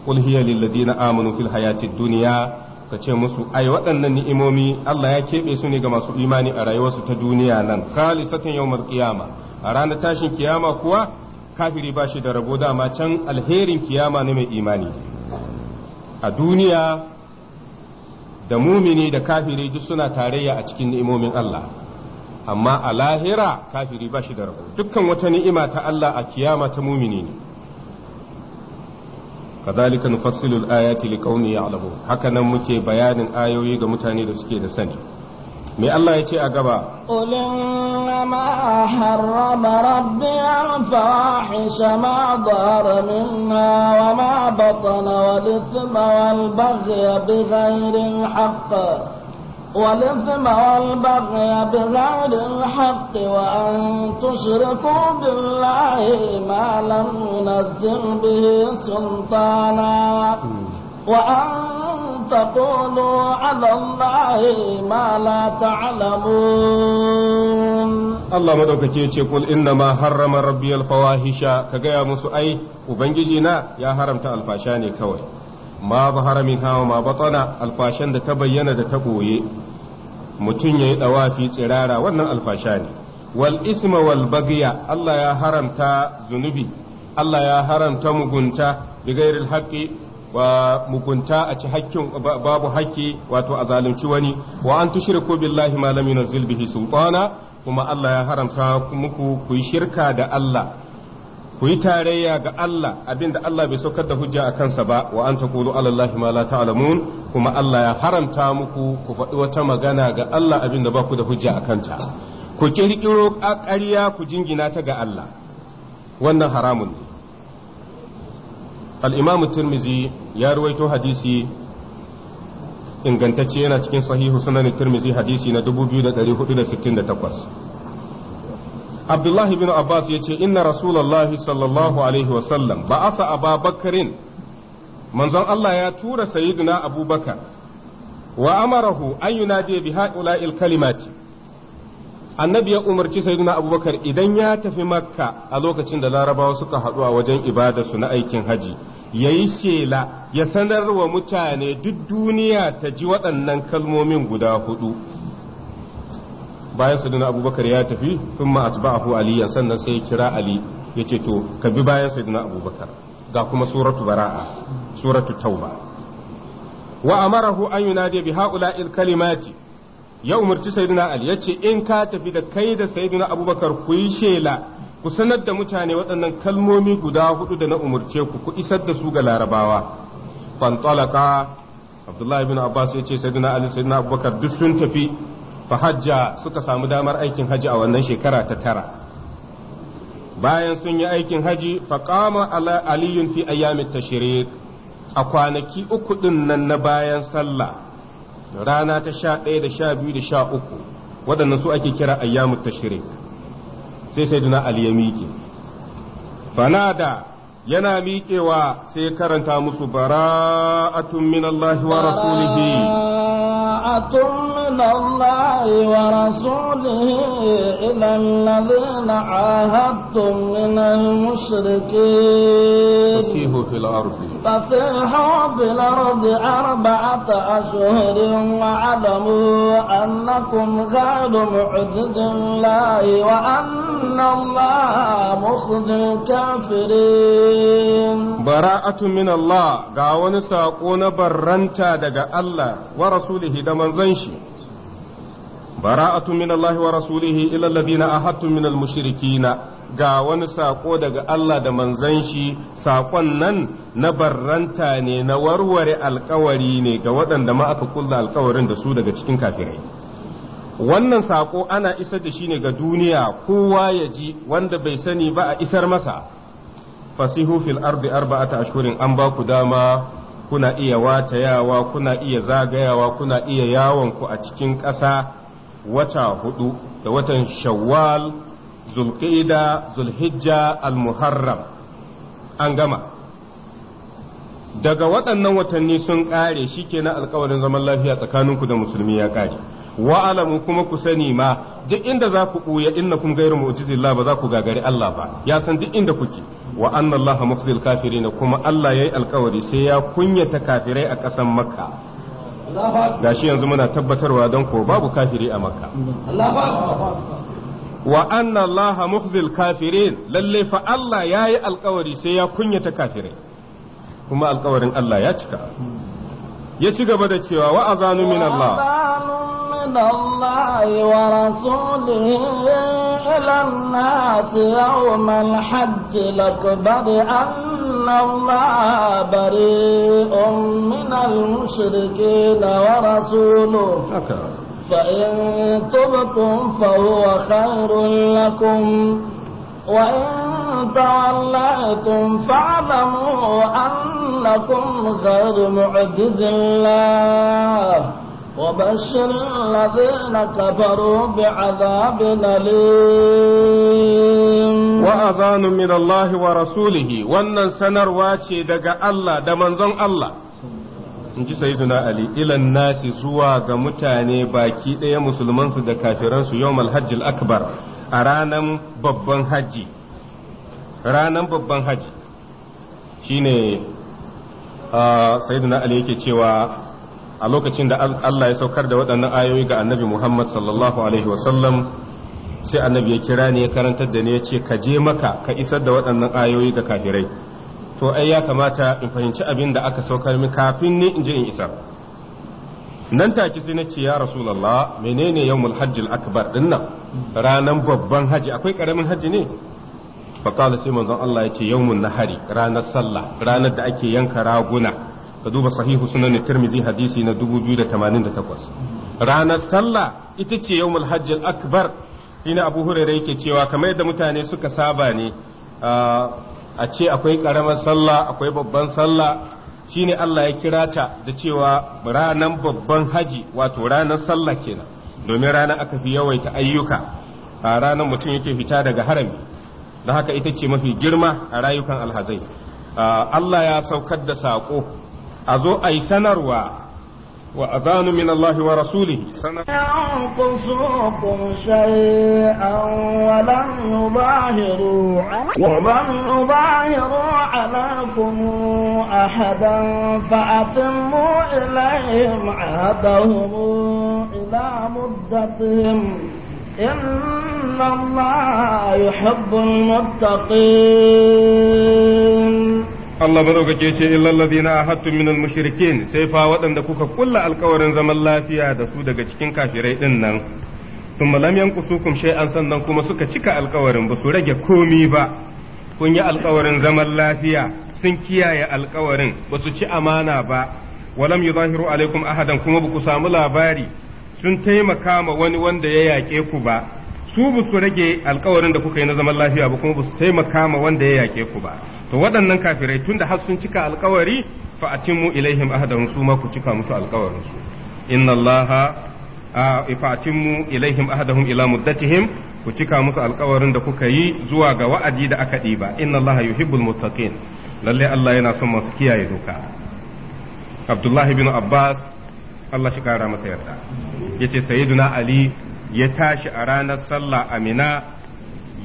[SPEAKER 1] qul hiya lil ladina amanu fil hayatid dunya ka ce musu ai waɗannan ni'imomi Allah ya keɓe su ne ga masu imani a rayuwarsu ta duniya nan khalisatan yawmal qiyama a ranar tashin kiyama kuwa kafiri ba shi da rabo dama can alherin kiyama na mai imani a duniya da mumini da kafiri duk suna tarayya a cikin ni'imomin Allah amma a lahira kafiri ba shi da rabo dukkan wata ni'ima ta Allah a kiyama ta mumini ne kadhalika nufassilu al-ayati liqaumin ya'lamun haka nan muke bayanin ayoyi ga mutane da suke da sani me Allah ya ce a gaba
[SPEAKER 2] qul innama harrama rabbi fahisha ma dhara minha wa ma batana wal ithma wal baghya bi ghayril haqq والإثم والبغي بغير الحق وأن تشركوا بالله ما لم ينزل به سلطانا وأن تقولوا على الله ما لا تعلمون
[SPEAKER 1] Allah madaukake ce kul inna ma harrama rabbi alfawahisha ka gaya musu ai ubangiji na ya haramta alfasha ne kawai ma zahara min hawa ma batana alfashan da ta bayyana da ta ɓoye. mutum ya yi ɗawafi tsirara wannan alfasha ne wal isma wal bagiya Allah ya haramta zunubi Allah ya haramta mugunta bi gairil haƙƙi wa mugunta a ci haƙƙin babu haƙƙi wato a zalunci wani wa an ko billahi ma na zilbihi sultana kuma Allah ya haramta muku ku yi shirka da Allah ku yi tarayya ga Allah abinda Allah bai saukar da hujja a kansa ba wa an taqulu ala Allah ma la ta'lamun kuma Allah ya haramta muku ku faɗi wata magana ga Allah abinda ba ku da hujja a kanta ku kirkiro ƙarya ku jingina ta ga Allah wannan haramun ne al-Imam Tirmidhi ya ruwaito hadisi ingantacce yana cikin sahihu sunan Tirmidhi hadisi na 2468 abdullahi bin abbas ya ce inna rasulallahi sallallahu alaihi wasallam ba asa ababakarin manzon allah ya tura sayyiduna abubakar wa amarahu an yunadi bi ha'ula'il kalimati annabi ya umarci sayyiduna abubakar idan ya tafi makka a lokacin da larabawa suka haɗu a wajen su na aikin haji ya yi shela ya sanar wa mutane duk duniya ta ji waɗannan kalmomin guda hudu bayan sayyidina abubakar ya tafi thumma atba'ahu aliyan sannan sai kira ali yace to ka bi bayan sayyidina abubakar ga kuma suratu bara'a suratu tauba wa amarahu an yunadi bi il kalimati ya umarci sayyidina ali yace in ka tafi da kai da sayyidina abubakar ku yi shela ku sanar da mutane waɗannan kalmomi guda hudu da na umarce ku ku isar da su ga larabawa fantalaka abdullahi bin abbas yace sayyidina ali sayyidina abubakar duk sun tafi fahajja suka samu damar aikin haji a wannan shekara ta tara bayan sun yi aikin haji faƙama aliyun fi ayyamin tashirik a kwanaki uku ɗin nan na bayan sallah rana ta sha ɗaya da sha biyu da sha uku waɗannan su ake kira ayyamin tashirik sai sai duna ali ya miƙe fanada yana miƙewa sai karanta musu bara'atun min Allah wa rasulihi
[SPEAKER 2] براءة من الله ورسوله إلى الذين عاهدتم من المشركين فسيحوا
[SPEAKER 1] في الأرض
[SPEAKER 2] فسيحوا في الأرض أربعة أشهر واعلموا أنكم غير معجز الله وأن الله مخزي الكافرين براءة
[SPEAKER 1] من الله قاون ساقون برنتا دقا الله ورسوله دمن زنشي براءة من الله ورسوله إلى الذين أحدتم من المشركين ga wani sako daga Allah da manzan shi sakon nan na barranta ne na warware alkawari ne ga waɗanda ma aka kulla alkawarin da su daga cikin kafirai wannan saƙo ana isa da shi ne ga duniya kowa ya ji wanda bai sani ba a isar masa fasihu fil ardi arba'ata ashhurin an ba ku dama kuna iya watayawa kuna iya zagayawa kuna iya yawon ku a cikin ƙasa wata hudu da watan shawwal zulqida zulhijja almuharram an gama daga waɗannan watanni sun ƙare na alkawarin zaman lafiya tsakaninku da musulmi ya ƙare wa'alamu kuma ku sani ma duk inda za ku ɓuya innakum ghairu mu'jizillah ba za ku gagari Allah ba ya san duk inda kuke wa anna Allah mukhzil kafirin kuma Allah yayi alkawari sai ya kunyata kafirai a ƙasan Makka gashi yanzu muna tabbatarwa don ko babu kafiri a Makka wa anna Allah mukhzil kafirin lalle fa Allah yayi alkawari sai ya kunyata kafirai kuma alkawarin Allah ya cika ya ci gaba da cewa wa azanu min
[SPEAKER 2] Allah من الله ورسوله إلى الناس يوم الحج الأكبر أن الله بريء من المشركين ورسوله okay. فإن تبتم فهو خير لكم وإن توليتم فاعلموا أنكم غير معجز الله وبشر الذين كفروا بعذاب أليم
[SPEAKER 1] وأذان من الله ورسوله وأن سنر واتي دقى الله دمنزون الله in ji sayyiduna ali ilan nasi zuwa ga mutane baki ɗaya su da kafiransu yawmal hajjil akbar a ranan babban hajji ranan babban hajji shine sayyiduna ali yake cewa a lokacin da Allah ya saukar da waɗannan ayoyi ga annabi Muhammad sallallahu alaihi wasallam sai annabi ya kira ne ya karantar da ne ya ce ka je maka ka isar da waɗannan ayoyi ga kafirai to ai ya kamata in fahimci abin da aka saukar min kafin ni in je in isa nan take sai na ce ya rasulullah menene yawmul hajjil akbar dinnan nan ranan babban haji akwai karamin haji ne faƙala sai manzon Allah ya ce yawmun nahari ranar sallah ranar da ake yanka raguna ka duba sahihu sunan tirmizi hadisi na 2088 ranar sallah ita ce yawmul hajjil akbar ina abu hurairai yake cewa kamar yadda mutane suka saba ne ah, a ce akwai ƙaramar sallah akwai babban sallah shi ne Allah ya kira ta da cewa ranar babban haji wato ranar sallah kenan domin ranar aka fi yawaita ayyuka a ranar mutum yake fita daga harami don haka ita ce mafi girma a rayukan alhazai Allah ya saukar da saƙo a zo a yi sanarwa وأذان من الله ورسوله سنة
[SPEAKER 2] شيئا ولم يظاهروا ولم يظاهروا عليكم أحدا فأتموا إليهم عهدهم إلى مدتهم إن الله يحب المتقين
[SPEAKER 1] Allah madaukake ce illal na ahadtum minal mushrikin sai fa waɗanda kuka kulla alkawarin zaman lafiya da su daga cikin kafirai ɗin nan sun lam yanqusukum shay'an sannan kuma suka cika alkawarin ba su rage komi ba kun yi alkawarin zaman lafiya sun kiyaye alkawarin ba su ci amana ba walam yuzahiru alaikum ahadan kuma ba ku samu labari sun taimaka ma wani wanda ya yaƙe ku ba su ba su rage alkawarin da kuka yi na zaman lafiya ba kuma ba su taimaka ma wanda ya yaƙe ku ba to waɗannan kafirai tunda har sun cika alkawari fa atimmu ilaihim ahadahum su ma ku cika musu alkawarin su inna allaha fa atimmu ilaihim ahadahum ila muddatihim ku cika musu alkawarin da kuka yi zuwa ga wa'adi da aka ɗiba inna allaha yuhibbul muttaqin lalle Allah yana son masu kiyaye doka Abdullahi bin Abbas Allah shi kara masa yarda yace sayyiduna Ali ya tashi a ranar sallah Amina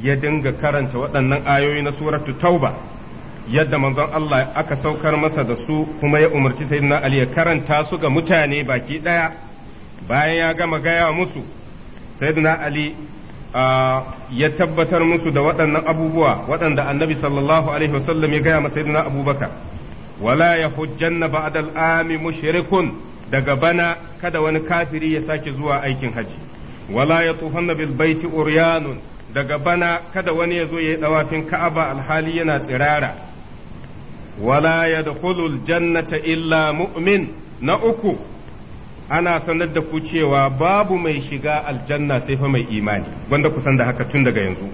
[SPEAKER 1] ya dinga karanta waɗannan ayoyi na suratu Tauba yadda manzon Allah aka saukar masa da su kuma ya umarci sayyidina Ali ya karanta su ga mutane baki daya bayan ya gama gaya musu sayyidina Ali ya tabbatar musu da waɗannan abubuwa waɗanda annabi sallallahu alaihi wasallam ya gaya masa sayyidina Abubakar wala ya hujjanna ba'dal ami mushrikun daga bana kada wani kafiri ya sake zuwa aikin haji wala ya tuhanna bil baiti uryanun daga bana kada wani ya zo ya yi dawafin ka'aba alhali yana tsirara wala yadkhulul jannata illa mu'min na uku ana sanar da ku cewa babu mai shiga aljanna sai fa mai imani wanda kusan da haka tun daga yanzu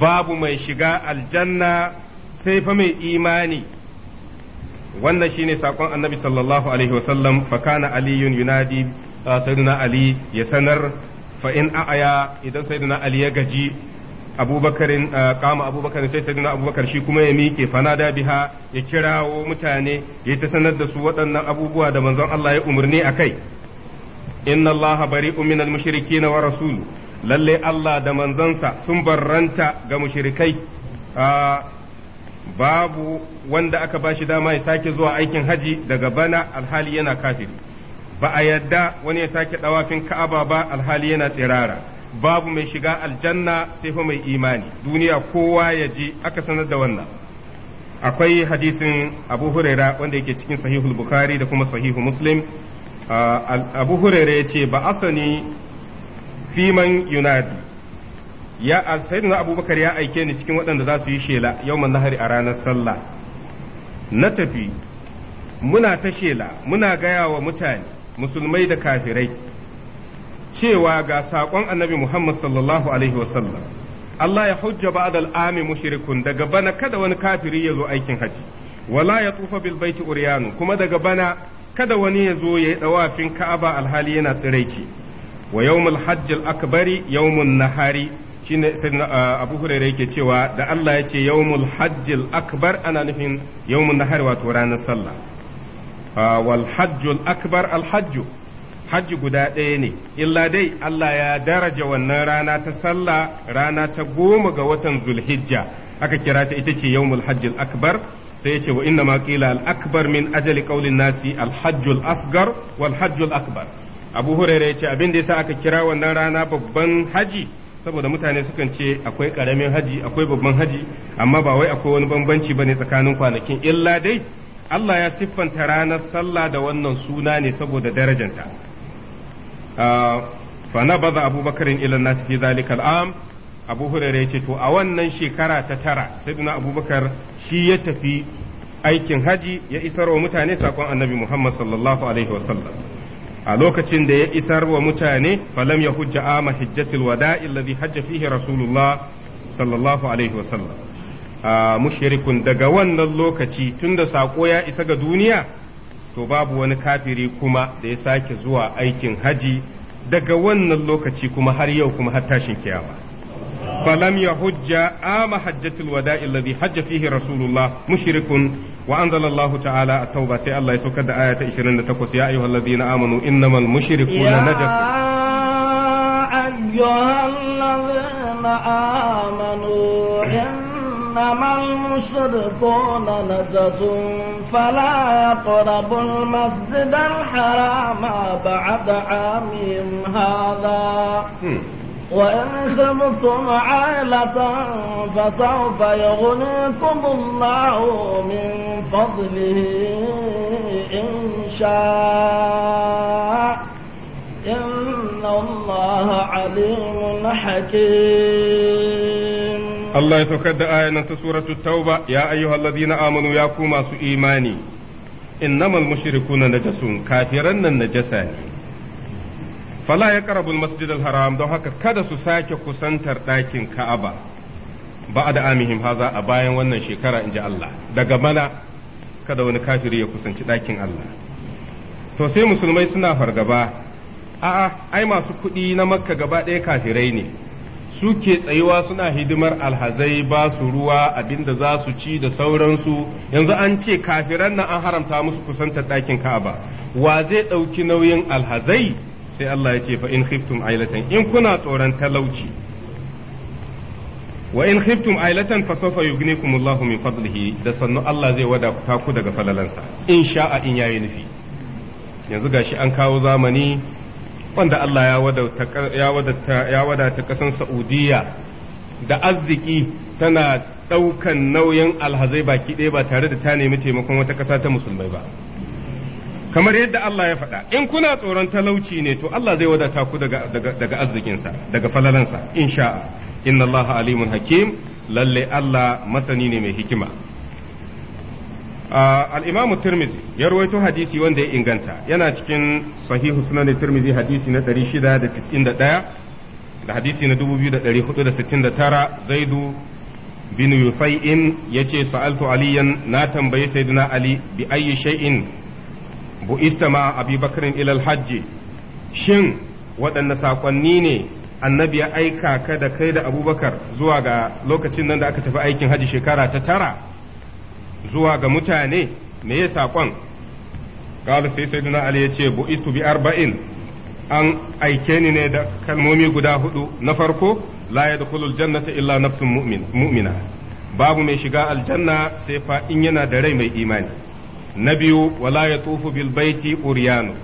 [SPEAKER 1] babu mai shiga aljanna sai fa mai imani wannan shine sakon annabi sallallahu alaihi wasallam fa kana aliyun yunadi sayyidina ali ya sanar fa in a'aya idan sayyidina ali ya gaji abubakarin eh, kama abubakarin sai sayyidina abubakar shi kuma ya miƙe fanada biha ya kirawo mutane ya ta sanar da su waɗannan abubuwa da manzon Allah ya umarni a kai inna Allah bari'un minal na wa rasulu lalle Allah da manzansa sun barranta ga mushrikai ah, babu wanda aka ba shi dama ya sake zuwa aikin haji daga bana alhali yana kafiri ba a yadda wani ya sake dawafin ka'aba ba alhali yana tsirara babu mai shiga aljanna sai fa mai imani duniya kowa ya ji aka sanar da wannan akwai hadisin abu huraira wanda yake cikin sahihul bukhari da kuma sahihu muslim abu huraira ya ce ba asani fiman yunadi ya sayyidina abubakar ya aike ni cikin waɗanda za su yi shela man nahari a ranar sallah na tafi muna ta shela muna gaya wa mutane musulmai da kafirai cewa ga saƙon annabi Muhammad sallallahu Alaihi wasallam Allah ya hujja ba'dal ami mushirikun daga bana kada wani kafiri ya zo aikin haji wala ya tufa bil baiti uryanu kuma daga bana kada wani ya zo yi ɗawafin Ka'aba alhali yana tsiraici wa yawmul hajjil akbari yawmun nahari shine Abu Hurairah yake cewa da Allah ya ce yawmul hajjil akbar ana nufin yawmun nahari wato ranar sallah wal hajjul akbar alhajju hajji guda ɗaya ne illa dai Allah ya daraja wannan rana ta sallah rana ta goma ga watan zulhijja aka kira ta ita ce yawmul hajjil akbar sai yace wa inna ma kila al akbar min ajali qawlin nasi alhajjul hajjul asgar wal hajjul akbar abu hurairah yace abin da yasa aka kira wannan rana babban haji saboda mutane sukan ce akwai karamin haji akwai babban haji amma ba wai akwai wani bambanci bane tsakanin kwanakin illa dai Allah ya siffanta ranar sallah da wannan suna ne saboda darajanta fa na baza abubakarin ilan nasu fi zalika al'am abu hurairu ce to a wannan shekara ta tara sayyidina abubakar shi ya tafi aikin haji ya isar wa mutane sakon annabi muhammad sallallahu alaihi wasallam a lokacin da ya isar wa mutane falam ya hujja ama hijjatul wada'i alladhi hajja fihi rasulullah sallallahu alaihi wasallam Mushirikun daga wannan lokaci tunda sako ya isa ga duniya to babu wani kafiri kuma da ya sake zuwa aikin haji daga wannan lokaci kuma har yau kuma har tashin kiyama falam ya hujja ama hajjatul wada'i alladhi hajja fihi rasulullah mushrikun wa anzala Allah ta'ala at-tauba sai Allah ya saukar da aya ta 28 ya ayyuhalladhina amanu innamal mushrikuna najasun
[SPEAKER 2] أيها الذين amanu. إنما المشركون نجس فلا يقربوا المسجد الحرام بعد عامهم هذا وإن خبتم عائلة فسوف يغنيكم الله من فضله إن شاء إن الله عليم حكيم
[SPEAKER 1] Allah ya saukar da ayan nan ta suratul tauba ya ayyuhal ladina amanu ya ku masu imani innamal mushrikuna najasun kafiran nan najasa ne fala ya qarabul masjidal haram don haka kada su sake kusantar ɗakin ka'aba ba da amihim haza a bayan wannan shekara ji Allah daga mana kada wani kafiri ya kusanci dakin Allah to sai musulmai suna fargaba a'a ai masu kuɗi na makka gaba ɗaya kafirai ne Su ke tsayuwa suna hidimar alhazai ba su ruwa abinda za su ci da sauransu yanzu an ce kafiran nan an haramta musu kusantar ɗakin ka'aba wa zai ɗauki nauyin alhazai sai Allah ya ce fa in khiftum ailatan in kuna tsoron talauci wa in khiftum ailatan fa sawfa yughnikum Allahu min fadlihi da sannu Allah zai wadata ku daga falalansa in sha'a in yayi nufi yanzu gashi an kawo zamani wanda Allah ya wadata ƙasan Saudiyya da arziki tana ɗaukan nauyin alhazai baki ɗaya ba tare da ta nemi taimakon wata ƙasa ta musulmai ba. Kamar yadda Allah ya faɗa, in kuna tsoron talauci ne to Allah zai wadata ku daga arzikinsa, daga falalansa, insha Inna Allah alimun hakim, lalle Allah masani ne mai hikima. al-imamu tirmizi ya rawaito hadisi wanda ya inganta yana cikin sahihu sunan tirmizi hadisi na 691 da hadisi na 2469 zaidu bin yufai'in yace sa'altu aliyan na tambaye sayyidina ali bi ayyi shay'in bu istama abi bakrin ila al-hajj shin waɗanne sakonni ne annabi ya aika ka da kai da abubakar zuwa ga lokacin nan da aka tafi aikin haji shekara ta tara zuwa ga mutane me ya saƙon ƙala sai sai duna ali ya ce bu istu bi arba'in an aike ni ne da kalmomi guda hudu na farko la yadkhulul jannata illa nafsun mu'mina babu mai shiga aljanna sai fa in yana da rai mai imani na biyu wala ya bil baiti uriyanu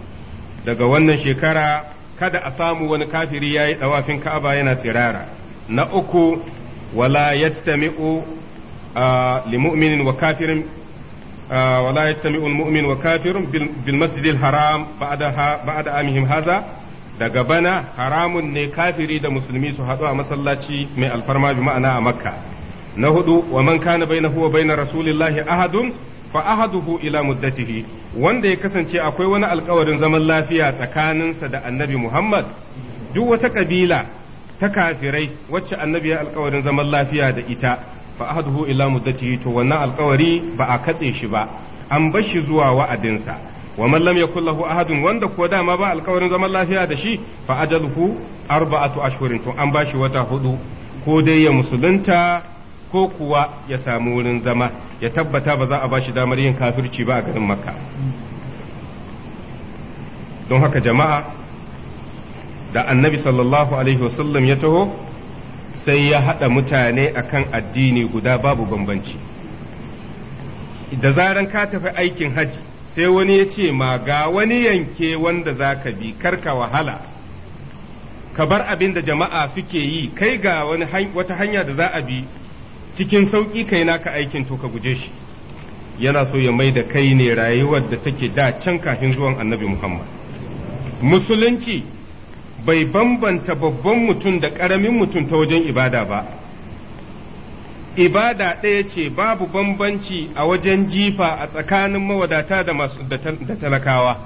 [SPEAKER 1] daga wannan shekara kada a samu wani kafiri ya yi ɗawafin ka'aba yana tsirara na uku wala yajtami'u لمؤمن وكافر ولا يجتمع المؤمن وكافر بالمسجد الحرام بعدها بعد عامهم هذا daga bana haramun ne kafiri da musulmi su haɗu a masallaci mai alfarma bima'ana ma'ana a makka na hudu wa man kana huwa bai na rasulillahi ahadun fa ahaduhu ila muddatihi wanda ya kasance akwai wani alkawarin zaman lafiya tsakaninsa da annabi muhammad duk wata kabila ta kafirai wacce annabi ya alkawarin zaman lafiya da ita fa ahaduhu illa muddatihi to wannan alkawari ba a katse shi ba an bar shi zuwa wa'adinsa wa man lam yakul lahu ahadun wanda ko dama ba alkawarin zaman lafiya da shi fa ajaluhu arba'atu ashhurin to an bashi wata hudu ko dai ya musulunta ko kuwa ya samu wurin zama ya tabbata ba za a bashi damar yin kafirci ba a garin makka don haka jama'a da annabi sallallahu alaihi wasallam ya taho sai ya haɗa mutane akan addini guda babu bambanci da zaran ka tafi aikin haji sai wani ya ce ma ga wani yanke wanda za ka bi karka wahala ka bar abin da jama'a suke yi kai ga wata hanya da za a bi cikin sauƙi kai naka aikin to ka guje shi yana so ya mai da kai ne rayuwar da take da can kafin zuwan annabi muhammad musulunci bai bambanta babban mutum da ƙaramin mutum ta wajen ibada ba ibada ɗaya ce babu bambanci a wajen jifa a tsakanin mawadata da masu da talakawa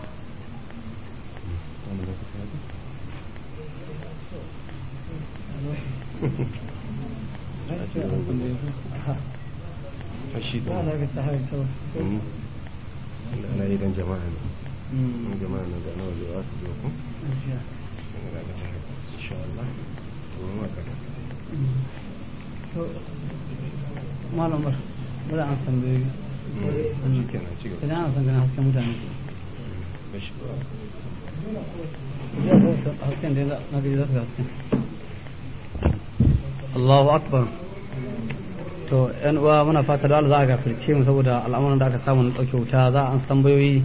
[SPEAKER 1] jama'a
[SPEAKER 3] malamar bada an san bai idan an san gana hasken mutane Allahu akbar to yan uwa muna fata da za a gafirce mu saboda al'amuran da aka samu na ɗauke wuta za a an tambayoyi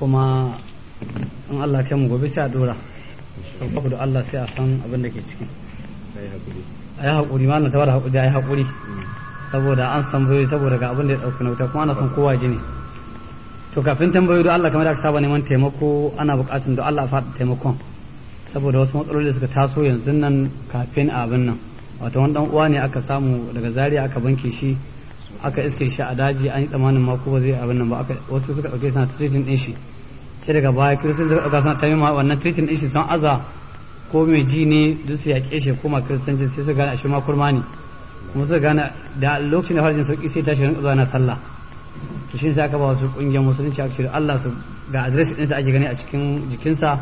[SPEAKER 3] kuma in Allah kai mu gobe sai a dora sun da Allah sai a san abin da ke ciki a yi haƙuri ma na ta bada haƙuri a yi haƙuri saboda an san bayo saboda ga abin da ya ɗauki na wuta kuma ana son kowa ji ne to kafin tambayoyi da Allah kamar da aka saba neman taimako ana buƙatar da Allah a faɗi taimakon saboda wasu matsaloli suka taso yanzu nan kafin abin nan wato wani dan uwa ne aka samu daga zaria aka banke shi aka iske shi a daji an yi tsamanin ma ba zai abin nan ba wasu suka ɗauke suna ta din shi sai daga baya kiristin da ga sana tamima wannan titin din shi sun aza ko mai ji ne duk su yaƙe shi koma kiristanci sai su gane a shi kurma ne kuma su gane da lokacin da farajin sauƙi sai tashi rinƙa zuwa na sallah to shi sai aka ba wasu ƙungiyar musulunci a cikin Allah su ga adireshi ɗinsa ake gani a cikin jikinsa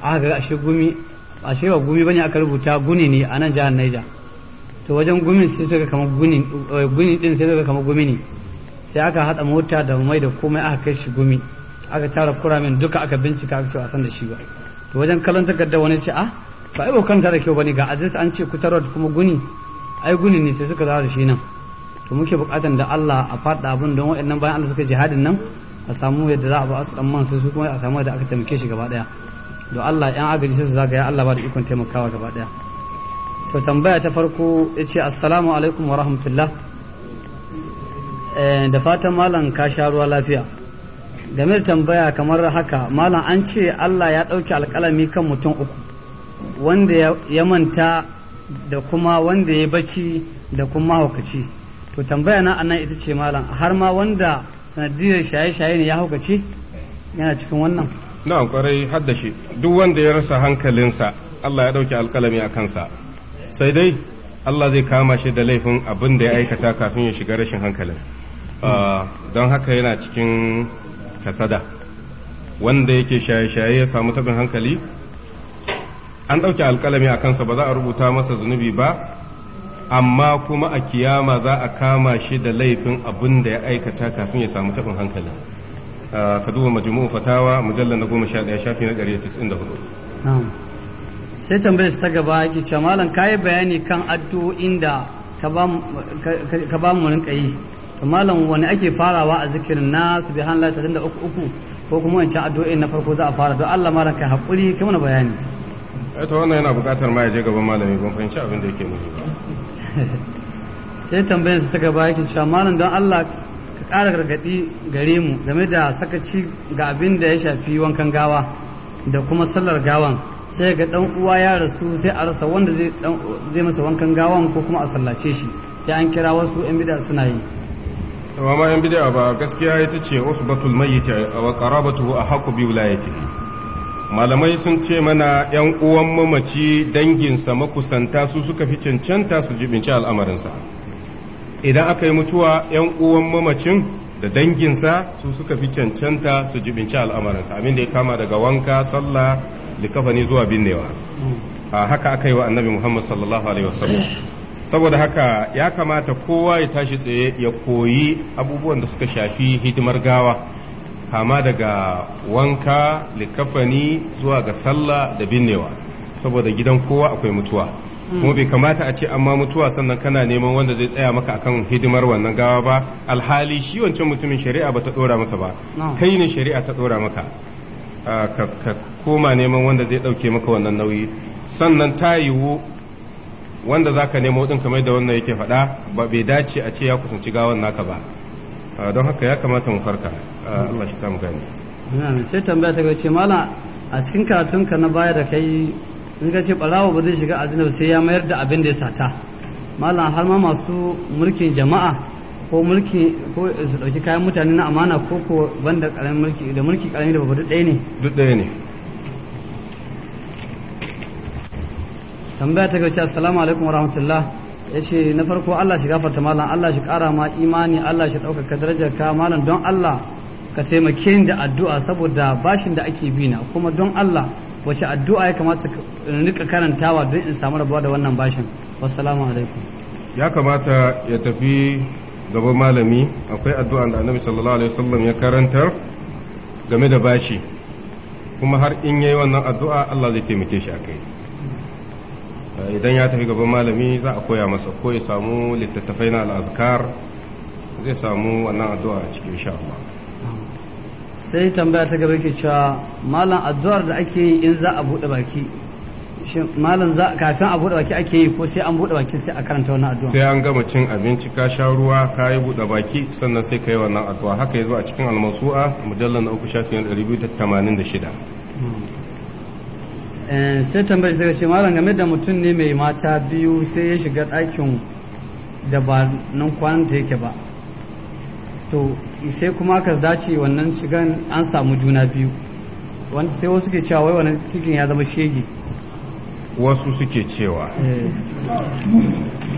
[SPEAKER 3] aka ga ashe gumi a shi ba gumi bane aka rubuta guni ne a nan jihar Niger to wajen gumin sai suka kama guni eh, guni din sai suka kama gumi ne sai aka hada mota da mai da komai aka kai shi gumi aka tara kuramin duka aka bincika aka ce wasan san da shi ba to wajen kallon takarda wani ce ah ba ai bokan da kyau bane ga adres an ce ku kutar kuma guni ai guni ne sai suka zara shi nan to muke bukatan da Allah a faɗa abun don waɗannan bayan Allah suka jihadin nan a samu yadda za a ba su dan man sai su kuma a samu yadda aka taimake shi gaba daya to Allah yan agaji sai su zaga ya Allah ba da ikon taimakawa gaba daya to tambaya ta farko yace assalamu alaikum wa rahmatullah eh, da fatan malam ka sha ruwa lafiya game da tambaya kamar haka malam an ce Allah ya ɗauki alƙalami kan mutum uku wanda ya manta da kuma wanda ya bacci da kuma haukaci to tambaya na anan ita ce malam har ma wanda sanadiyar shaye-shaye ne ya haukaci yana cikin wannan
[SPEAKER 1] na kwarai haddashi duk wanda ya rasa hankalinsa Allah ya ɗauki alƙalami a kansa sai dai Allah zai kama shi da laifin abin da ya aikata kafin ya shiga rashin hankalin ah, don haka yana cikin kasada wanda yake shaye-shaye ya samu tabin hankali an ɗauke alƙalami a kansa ba za a rubuta masa zunubi ba amma kuma a kiyama za a kama shi da laifin abin da ya aikata kafin ya samu tabin hankali ah, ka duba majmu'u fatawa mujallar na goma sha ɗaya shafi na ɗari tis'in da hudu
[SPEAKER 3] sai tambayar ta gaba ki ce malam kayi bayani kan addu'o'in da ka ba mu rinka yi to malam wani ake farawa a zikirin nasu bi hanla uku ko kuma wancan addu'o'i na farko za a fara don Allah malam kai haƙuri kai mana bayani
[SPEAKER 1] eh to wannan yana buƙatar ma ya je gaban malami ban fahimci abin da yake nufi
[SPEAKER 3] sai tambayar su ta gaba yake cewa malam don Allah ka ƙara gargaɗi gare mu game da sakaci ga abin da ya shafi wankan gawa da kuma sallar gawan sai ga dan uwa ya rasu sai a rasa wanda zai masa wankan gawan ko kuma a sallace shi sai an kira
[SPEAKER 1] wasu 'yan bida suna yi ma yan bid'a ba gaskiya ita ce usbatul mayyit wa qarabatuhu ahqqu bi wilayatihi malamai sun ce mana yan uwan mamaci danginsa makusanta su suka fi cancanta su jibinci sa idan aka yi mutuwa yan uwan mamacin da danginsa su suka fi cancanta su jibinci sa abin da ya kama daga wanka sallah likafani zuwa binnewa a haka aka yi wa annabi muhammad sallallahu alaihi wasallam saboda haka ya kamata kowa ya tashi tsaye ya koyi abubuwan da suka shafi hidimar gawa kama daga wanka likafani zuwa ga sallah da binnewa saboda gidan kowa akwai mutuwa mm. kuma bai kamata a ce amma mutuwa sannan kana neman wanda zai tsaya maka akan hidimar wannan gawa ba alhali shi wancan mutumin shari'a ba ta dora masa ba kai ne shari'a ta dora maka ah, ka koma neman wanda zai dauke maka wannan nauyi sannan ta yiwu wanda za ka nemo ɗin kamar da wannan yake faɗa ba bai dace a ce ya kusanci gawan naka ba don haka ya kamata mu farka Allah shi samu
[SPEAKER 3] gani sai tambaya ta ce malam
[SPEAKER 1] a cikin karatunka na baya da kai in
[SPEAKER 3] ka ce ɓarawa ba zai shiga aljanna sai ya mayar da abin da ya sata malam har ma masu mulkin jama'a ko mulki ko su dauki kayan mutane na amana ko ko banda karamin mulki da mulki ƙaramin da babu duk ɗaya ne duk ɗaya ne tambaya ta gaci assalamu alaikum warahmatullah ya ce na farko Allah shi gafarta malam Allah shi kara ma imani Allah shi ɗaukaka darajar ka malam don Allah ka taimake ni da addu'a saboda bashin da ake na kuma don Allah wace addu'a ya kamata in rika karantawa don in samu rabuwa da wannan bashin
[SPEAKER 1] wassalamu alaikum ya kamata ya tafi gaba malami akwai addu'a da annabi sallallahu alaihi wasallam ya karanta game da bashi kuma har in yayi wannan addu'a Allah zai taimake shi akai idan ya tafi gaban malami za a koya masa ko ya samu littattafai na al'azkar zai samu wannan addu'a a cikin sha Allah
[SPEAKER 3] sai tambaya ta gaba ke cewa malam addu'ar da ake yi in za a buɗe baki malam za kafin a buɗe baki ake yi ko sai an buɗe baki sai a karanta wannan addu'a sai
[SPEAKER 1] an gama cin abinci ka sha ruwa ka yi buɗe baki sannan sai ka yi wannan addu'a haka yazo a cikin almasu'a mujallal na uku shafin 286
[SPEAKER 3] Eh, sai tambayi sai ce malam game da mutum ne mai mata biyu sai ya shiga ɗakin da ba nan kwanan da yake ba to sai kuma aka dace wannan shigan an samu juna biyu sai wasu ke cewa wai wannan cikin ya zama shege
[SPEAKER 1] wasu suke cewa eh.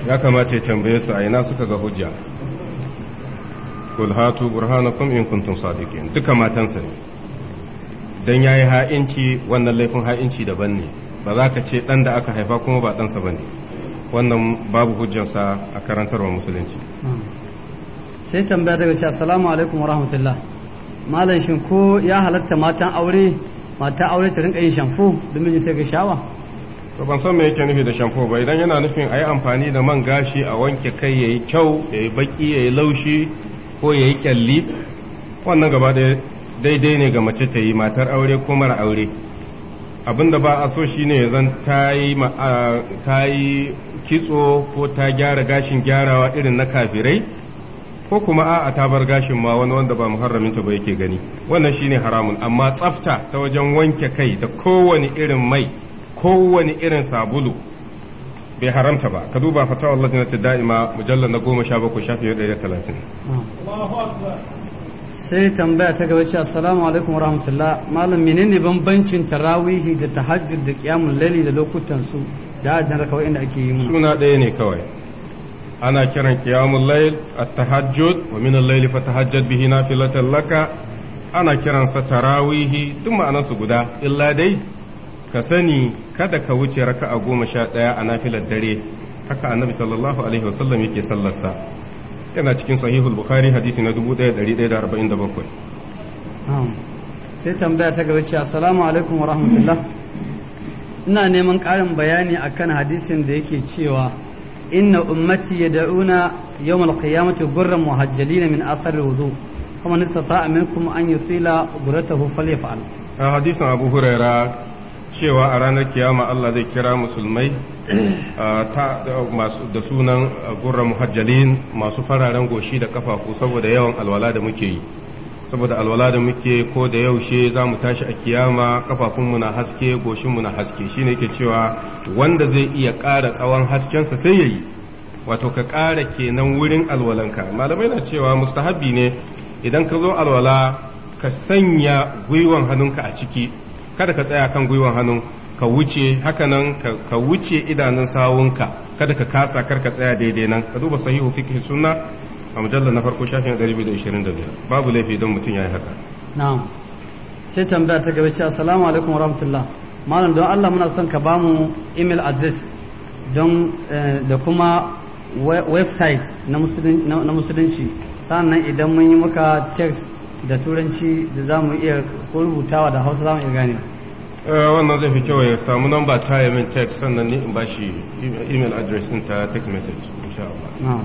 [SPEAKER 1] ya kamata ya tambaye su a ina suka ga hujja kul hatu burhanakum in kuntum sadiqin duka matansa ne don ya yi ha'inci wannan laifin ha'inci daban ne ba za ka ce ɗan da aka haifa kuma ba ɗansa ba ne wannan babu hujjansa a karantarwa musulunci
[SPEAKER 3] sai tambaya daga cewa assalamu alaikum wa rahmatullah malam shin ko ya halatta matan aure mata aure ta rinka yin shamfo domin ya take shawa
[SPEAKER 1] to ban san me yake nufi da shamfo ba idan yana nufin a yi amfani da man gashi a wanke kai yayi kyau yayi baki yayi laushi ko yayi kyalli wannan gaba ɗaya daidai ne ga mace ta yi matar aure ko mara aure abinda ba a so shine ya zan ta yi kitso ko ta gyara gashin gyarawa irin na kafirai ko kuma a ta bar gashin ma wani wanda ba muharraminta ba yake gani wannan shine haramun amma tsafta ta wajen wanke kai da kowane irin mai kowane irin sabulu bai haramta ba ka duba fatawar Allah ta da'ima mujallar na goma sha bakwai shafi ɗaya da talatin sai tambaya ta gaba
[SPEAKER 3] ce assalamu alaikum wa rahmatullah malam menene bambancin tarawihi da tahajjud da qiyamul layli da lokutan
[SPEAKER 1] su da addan rakawai inda ake yi suna ɗaya ne kawai ana kiran qiyamul layl at-tahajjud wa min al fa fatahajjad bihi nafilatan laka ana kiran sa tarawihi duk su guda illa dai ka sani kada ka wuce raka'a goma sha ɗaya a nafilar dare haka annabi sallallahu alaihi wasallam yake sallarsa yana cikin sahihul bukhari hadisi na 1147
[SPEAKER 3] sai tambaya ta gaba ce assalamu alaikum wa rahmatullah ina neman ƙarin bayani akan hadisin da yake cewa inna ummati yad'una yawm al-qiyamati gurran muhajjalin min athar wudu kuma nistata'a minkum an yutila gurratahu falyaf'al
[SPEAKER 1] hadisin abu huraira cewa a ranar kiyama Allah zai kira musulmai ah, da sunan ah, gurra muhajjalin masu fararen goshi da kafafu saboda yawan alwala da muke yi saboda alwala da muke ko da yaushe za mu tashi a kiyama kafafunmu na haske goshinmu na haske shi ne ke cewa wanda zai iya ƙara tsawon haskensa sai ya yi wato ka ƙara kenan wurin alwalanka malamai na cewa mustahabi ne idan ka zo alwala ka sanya gwiwan hannunka a ciki kada ka tsaya kan gwiwan hannu ka wuce hakanan ka wuce idanun sawunka kada ka kasa kar ka tsaya daidai nan ka duba sahihu fiqh sunna a mujallar na farko shafin 225 babu laifi don mutum yayi haka
[SPEAKER 3] na'am sai tambaya ta gaba cewa assalamu alaikum wa rahmatullah malam don Allah muna son ka bamu email address don eh, da kuma website na musulunci sannan idan mun yi maka text da turanci da za mu iya ko rubutawa da hausa za mu iya gane
[SPEAKER 1] eh, wannan zai fi kyau ya samu namba ta yi min text sannan ni in ba shi email address in ta text message insha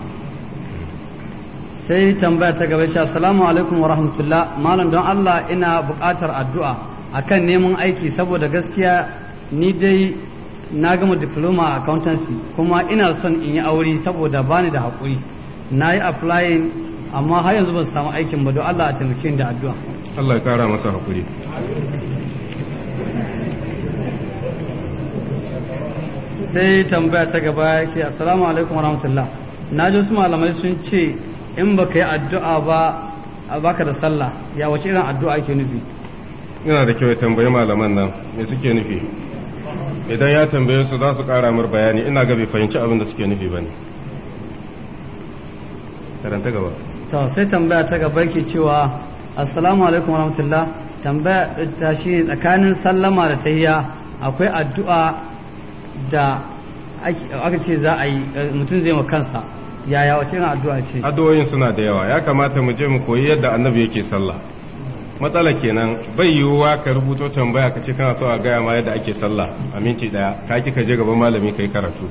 [SPEAKER 3] sai tambaya ta gaba sha salamu alaikum wa rahmatullah malam don Allah ina buƙatar addu'a akan neman aiki saboda gaskiya ni dai na gama diploma a accountancy kuma ina son in yi aure saboda bani da haƙuri na yi applying amma har yanzu ba su samu aikin ba don Allah a taimake da addu'a
[SPEAKER 1] Allah ya kara masa hakuri
[SPEAKER 3] sai tambaya ta gaba ya ce assalamu alaikum rahmatullah. na ji wasu malamai sun ce in ba ka yi addu'a ba a baka da sallah ya wace irin addu'a ke nufi
[SPEAKER 1] yana da kyau ya tambayi malaman nan me suke nufi idan ya tambaye su za su kara mar bayani ina ga bai fahimci abin da suke nufi ba ne karanta gaba
[SPEAKER 3] to sai tambaya ta gaba ke cewa assalamu alaikum warahmatullah tambaya ta shi tsakanin sallama da tahiyya akwai addu'a da aka ce za a yi mutum zai ma kansa yaya wace na addu'a
[SPEAKER 1] ce addu'o'in suna da yawa ya kamata mu je mu koyi yadda annabi yake sallah matsala kenan bai yiwuwa ka rubuto tambaya ka ce kana so a gaya ma yadda ake sallah a minti daya ka ki ka je gaban malami kai karatu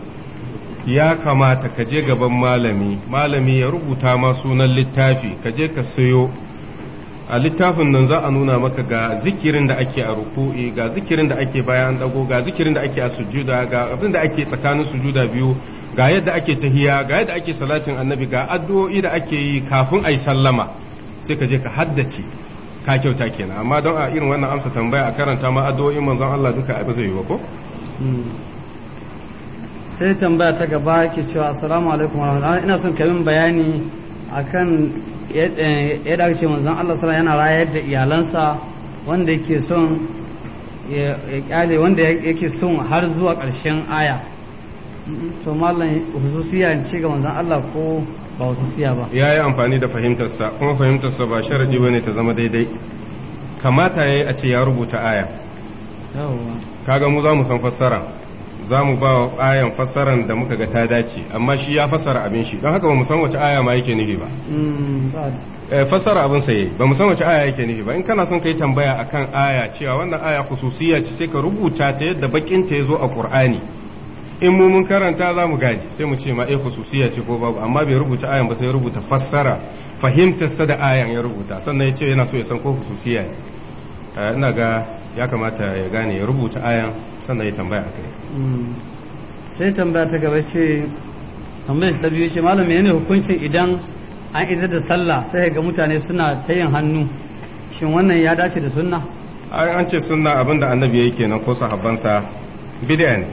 [SPEAKER 1] ya kamata ka je gaban malami malami ya rubuta ma sunan littafi ka je ka sayo a littafin nan za a nuna maka ga zikirin da ake a ruku'i ga zikirin da ake bayan dago ga zikirin da ake a sujuda ga abin da ake tsakanin sujuda biyu ga yadda ake tahiya ga yadda ake salatin annabi ga addu'o'i da ake yi kafin a yi sallama sai ka je ka haddace ka kyauta kenan amma don a irin wannan amsa tambaya a karanta ma addu'o'in manzon Allah duka abin zai yi ba ko hmm.
[SPEAKER 3] sai tambaya ta gaba ke cewa assalamu alaikum warahmatullahi ina son kamin bayani akan ya ce manzon Allah sallallahu yana rayar da iyalansa wanda yake son ya kyale wanda yake son har zuwa ƙarshen aya to mallan hususiya ci ga manzon Allah ko ba hususiya ba
[SPEAKER 1] ya yi amfani da fahimtarsa kuma fahimtarsa ba sharadi bane ta zama daidai kamata yayi a ce ya rubuta aya kaga mu za mu san fassara za mu ba wa ayan fassaran da muka ga ta dace amma shi ya fassara abin shi don haka ba mu san wace aya ma yake nufi ba
[SPEAKER 2] hmm,
[SPEAKER 1] eh, fassara abin sa yayi ba mu san wace aya yake nufi ba in kana son kai tambaya akan aya cewa wannan aya khususiyya ce sai ka rubuta ta yadda bakin ta yazo a Qur'ani in mu mun karanta za mu gane sai mu ce ma eh khususiyya ce ko babu amma bai rubuta ayan ba sai ya rubuta fassara fahimtar sa da ayan ya rubuta sannan ya ce yana so ya san ko khususiyya ne Eh, ina ga ya kamata ya gane ya rubuta ayan sannan ya tambaya a kai
[SPEAKER 3] hmm. sai tambaya ta gaba ce tambayar ta biyu ce malam ne hukuncin idan an idar da sallah sai ga mutane suna ta yin hannu shin wannan ya dace
[SPEAKER 1] da sunna an ce sunna abinda annabi ya yi kenan ko sahabbansa bid'a ne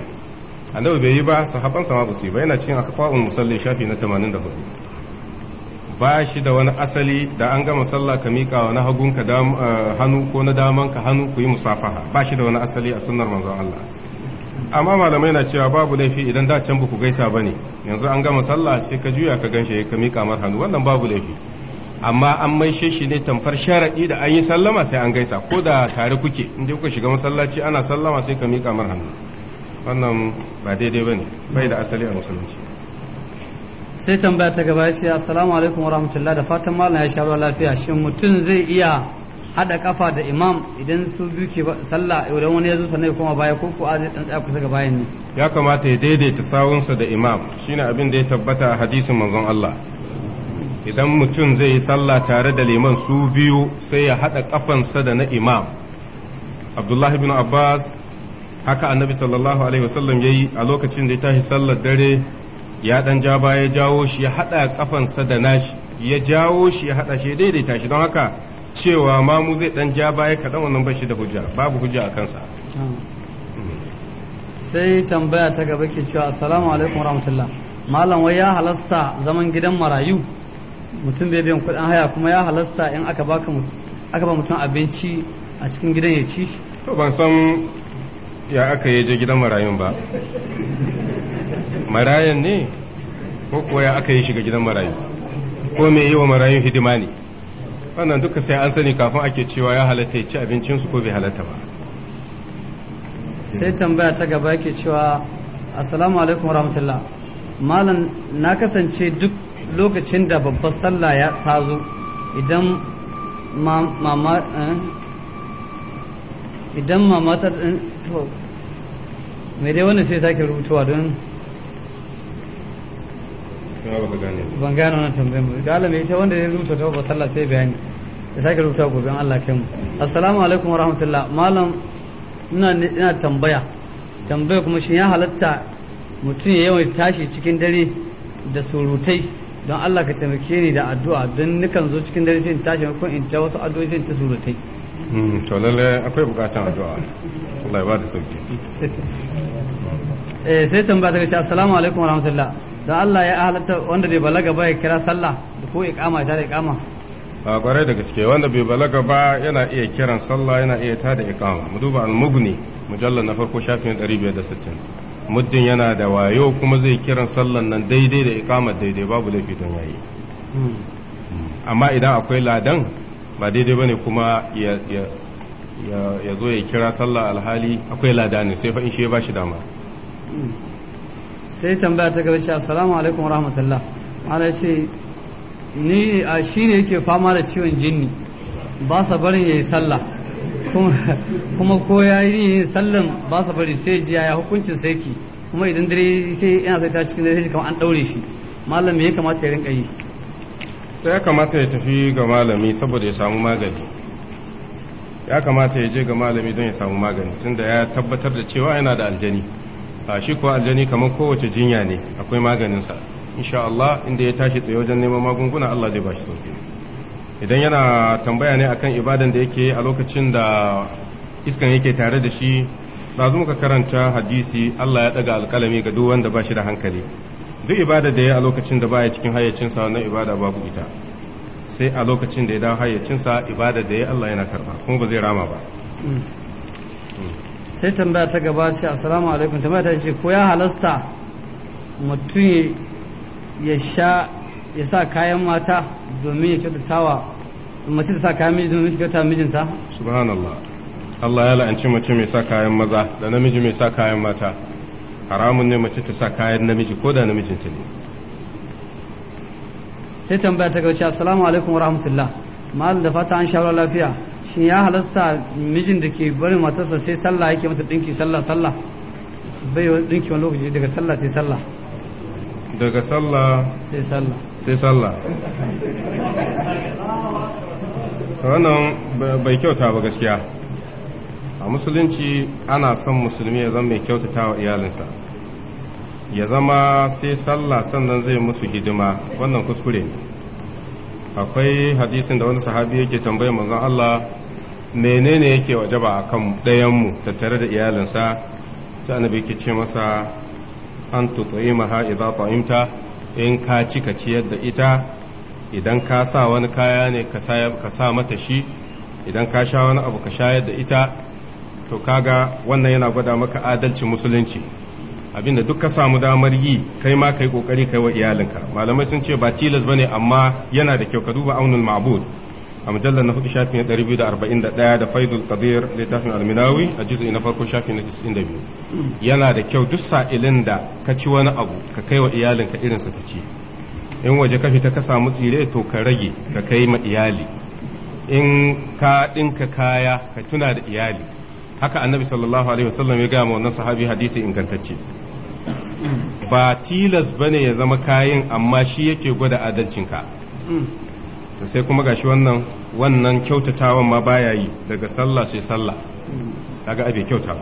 [SPEAKER 1] annabi bai yi ba sahabbansa ma ba su yi ba yana cikin akwai musalli shafi na 84 ba shi da wani asali da an gama sallah ka miƙa na hagunka eh, hannu ko na damanka hannu ku yi musafaha ba shi da wani asali a sunnar manzon Allah amma malamai na cewa babu laifi idan da can ku gaisa ba ne yanzu an gama sallah sai ka juya ka ganshi ka miƙa mar hannu wannan babu laifi amma an maishe shi ne tamfar sharaɗi da an yi sallama sai an gaisa ko da tare kuke in je kuka shiga masallaci ana sallama sai ka miƙa mar hannu wannan ba daidai ba ne bai da asali a musulunci
[SPEAKER 3] sai tambaya ta gaba ce assalamu alaikum wa rahmatullah da fatan malam ya sharuwa lafiya shin mutum zai iya hada kafa da imam idan su biyu sallah idan wani ya zo sannan ya baya ko ko zai dan tsaya kusa ga bayan ne
[SPEAKER 1] ya kamata ya daidaita sawunsa da imam shine abin da ya tabbata a hadisin manzon Allah idan mutum zai yi sallah tare da liman su biyu sai ya hada kafansa da na imam Abdullah ibn Abbas haka annabi sallallahu alaihi wasallam yayi a lokacin da ya tashi sallar dare ya dan ja baya jawo shi ya haɗa sa da nashi ya jawo shi ya haɗa shi ya daidaita shi don haka cewa mamu zai dan ja baya kaɗan wannan bashi da hujja babu hujja a kansa
[SPEAKER 3] sai tambaya ta gaba ke cewa assalamu alaikum rahmatullah malam wai ya halasta zaman gidan marayu mutum bai biyan kuɗin haya kuma ya halasta in aka baka aka ba mutum abinci
[SPEAKER 1] a cikin gidan ya ci to ban san ya aka yi je gidan marayun ba marayan ne ko kuwa ya aka yi shiga gidan marayu ko me yi wa marayun hidima ne wannan duka sai an sani kafin ake cewa ya halatta ya ci abincinsu ko bai halatta ba
[SPEAKER 3] sai tambaya ta gaba ke cewa assalamu alaikum rahmatullah malam na kasance duk lokacin da babbar sallah ya tazo idan mama eh, idan mama ta eh, mai dai wannan sai sake rubutuwa don ban gane wannan tambayar mu da Allah ita wanda ya rubuta tauba sallah sai bayani da sake rubuta gobe Allah kai mu assalamu alaikum wa malam ina ina tambaya tambaya kuma shin ya halatta mutum ya yawan tashi cikin dare da surutai don Allah ka taimake ni da addu'a don nukan zo cikin dare sai in tashi ko in ta wasu addu'o'i sai in ta surutai
[SPEAKER 1] hmm, to lalle akwai bukatan addu'a Allah ya ba da sauki
[SPEAKER 3] eh sai tambaya ta ce assalamu alaikum wa da Allah ya halatta wanda bai balaga ba ya kira sallah da ko iqama ta da iqama
[SPEAKER 1] a kwarai da gaske wanda bai balaga ba yana iya kiran sallah yana iya ta da iqama mu duba al-mughni mujallal na farko shafin 560 muddin yana da wayo kuma zai kiran sallan nan daidai da Ikama daidai babu laifi don yayi hmm. Hmm. amma idan akwai ladan ba daidai bane kuma ya ya zo ya kira sallah alhali akwai lada ne sai fa in shi ya bashi dama hmm.
[SPEAKER 3] sai tambaya ta gaba ce assalamu alaikum wa rahmatullah ana ce ni a shi ne yake fama da ciwon jinni ba sa barin ya yi sallah kuma ko ya yi yin sallan ba sa bari sai jiya ya hukuncin sai ki kuma idan dare sai yana sai ta cikin dare shi kamar an daure shi malam me ya kamata ya rinka yi
[SPEAKER 1] sai ya kamata ya tafi ga malami saboda ya samu magani ya kamata ya je ga malami don ya samu magani tunda ya tabbatar da cewa yana da aljani shi kuwa aljani kamar kowace jinya ne akwai maganinsa insha Allah inda ya tashi tsaye wajen neman magunguna Allah zai bashi sauki idan yana tambaya ne akan ibadan da yake a lokacin da iskan yake tare da shi ɗazu muka karanta hadisi Allah ya ɗaga alƙalami ga duk wanda ba shi da hankali duk ibada da ya a lokacin da baya cikin hayyacinsa wannan ibada babu ita sai a lokacin da ya dawo hayyacinsa ibada da ya Allah yana karba kuma ba zai rama ba
[SPEAKER 3] sai tambaya ta gaba ce assalamu alaikum tambaya ta ce ko ya halasta mutum ya sha ya sa kayan mata domin ya kyautatawa mace ta sa kayan miji domin ya kyautata mijinta
[SPEAKER 1] subhanallah Allah ya la'anci mace mai sa kayan maza da namiji mai sa kayan mata haramun ne mace ta sa kayan namiji ko da namijinta ne
[SPEAKER 3] sai tambaya ta gaba ce assalamu alaikum wa rahmatullah mal da fata an shawarar lafiya shin ya halasta mijin da ke barin matarsa sai sallah yake mata dinki sallah sallah bai dinki
[SPEAKER 1] wani lokaci daga sallah sai sallah daga sallah sai sallah sai sallah wannan bai kyauta ba gaskiya a musulunci ana son musulmi ya zama mai kyautata wa iyalinsa ya zama sai sallah sannan zai musu hidima wannan kuskure ne akwai hadisin da wani sahabi yake tambayar manzon Allah menene yake wajaba a kan ɗayanmu tattare da iyalinsa sai annabi yake ce masa an tut'imaha idza ta'imta in ka ci ka ciyar da ita idan ka sa wani kaya ne ka sa mata shi idan ka sha wani abu ka shayar da ita to kaga wannan yana gwada maka adalci musulunci abinda duk ka samu damar yi kai ma kai kokari kai wa iyalinka malamai sun ce ba tilas bane amma yana da kyau ka duba aunul ma'bud a mujallar na hudu shafi na 241 da faidul qadir littafin alminawi a juz'i na farko shafi na 92 yana da kyau duk sa'ilin da ka ci wani abu ka kai wa iyalinka irin ta ci in waje ka fita ka samu tsire to ka rage ka kai ma iyali in ka dinka kaya ka tuna da iyali haka annabi sallallahu alaihi wasallam ya gaya ma wannan sahabi hadisi ingantacce ba tilas bane ya zama kayan amma shi yake gwada adalcinka to sai kuma gashi wannan wannan kyautatawan ma baya yi daga sallah sai sallah kaga abe kyauta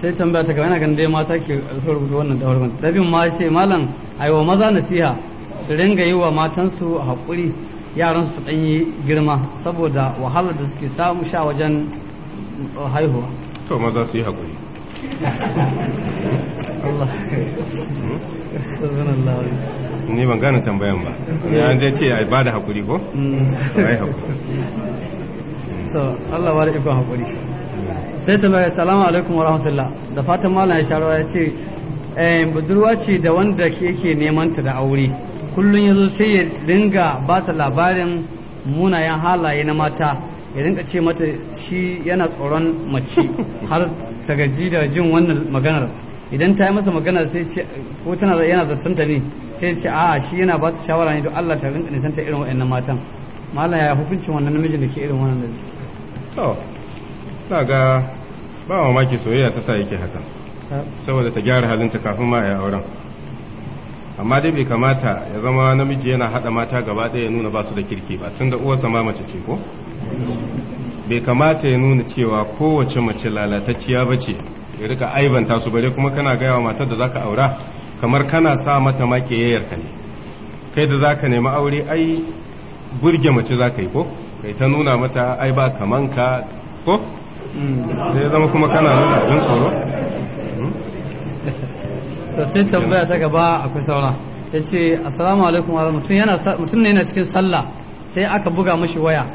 [SPEAKER 3] sai tambaya ta gaba ina ganin dai mata ke rubutu wannan dawarwar dabin ma ce malam aiwa maza nasiha su ringa yi wa matansu haƙuri yaran su ɗan yi girma saboda wahalar da suke samu sha wajen haihuwa
[SPEAKER 1] to maza su yi haƙuri
[SPEAKER 3] hmm?
[SPEAKER 1] ni ban gane tambayan ba ya zai ce a bada haƙuri ko mm. ba hakuri haƙuri.
[SPEAKER 3] Allah wa da ikon haƙuri. sai ta mai salamu alaikum wa rahmatullah da fatan malam ya ya ce budurwa ce da wanda ke neman ta da aure kullum ya zo sai ya dinga ba ta labarin munayen halaye na mata ya dinga ce mata shi yana tsoron mace har ta gaji da jin wannan maganar idan ta yi masa magana sai ce ko tana yana zartanta ne sai ce a shi yana ba su shawara ne don Allah ta rinka nisanta irin waɗannan matan malam ya hukuncin wannan namijin da ke irin wannan da
[SPEAKER 1] to ta ga ba wa maki soyayya ta sa yake haka saboda ta gyara halinta kafin ma ya auren amma dai bai kamata ya zama namiji yana hada mata gaba ɗaya ya nuna ba su da kirki ba tun da uwarsa ma mace ce ko bai kamata ya nuna cewa kowace mace lalatacciya ba ce ya rika aibanta su bare kuma kana gaya wa matar da zaka aura kamar kana sa mata maƙiyayyarka ne kai da zaka nemi aure ai burge mace zaka yi ko kai ta nuna mata ai ba kaman ka ko sai zama kuma kana nuna abin tsoro hmm?
[SPEAKER 3] to sai tambaya ta gaba akwai saura ya ce assalamu alaikum mutum ne yana cikin sallah sai aka buga mashi waya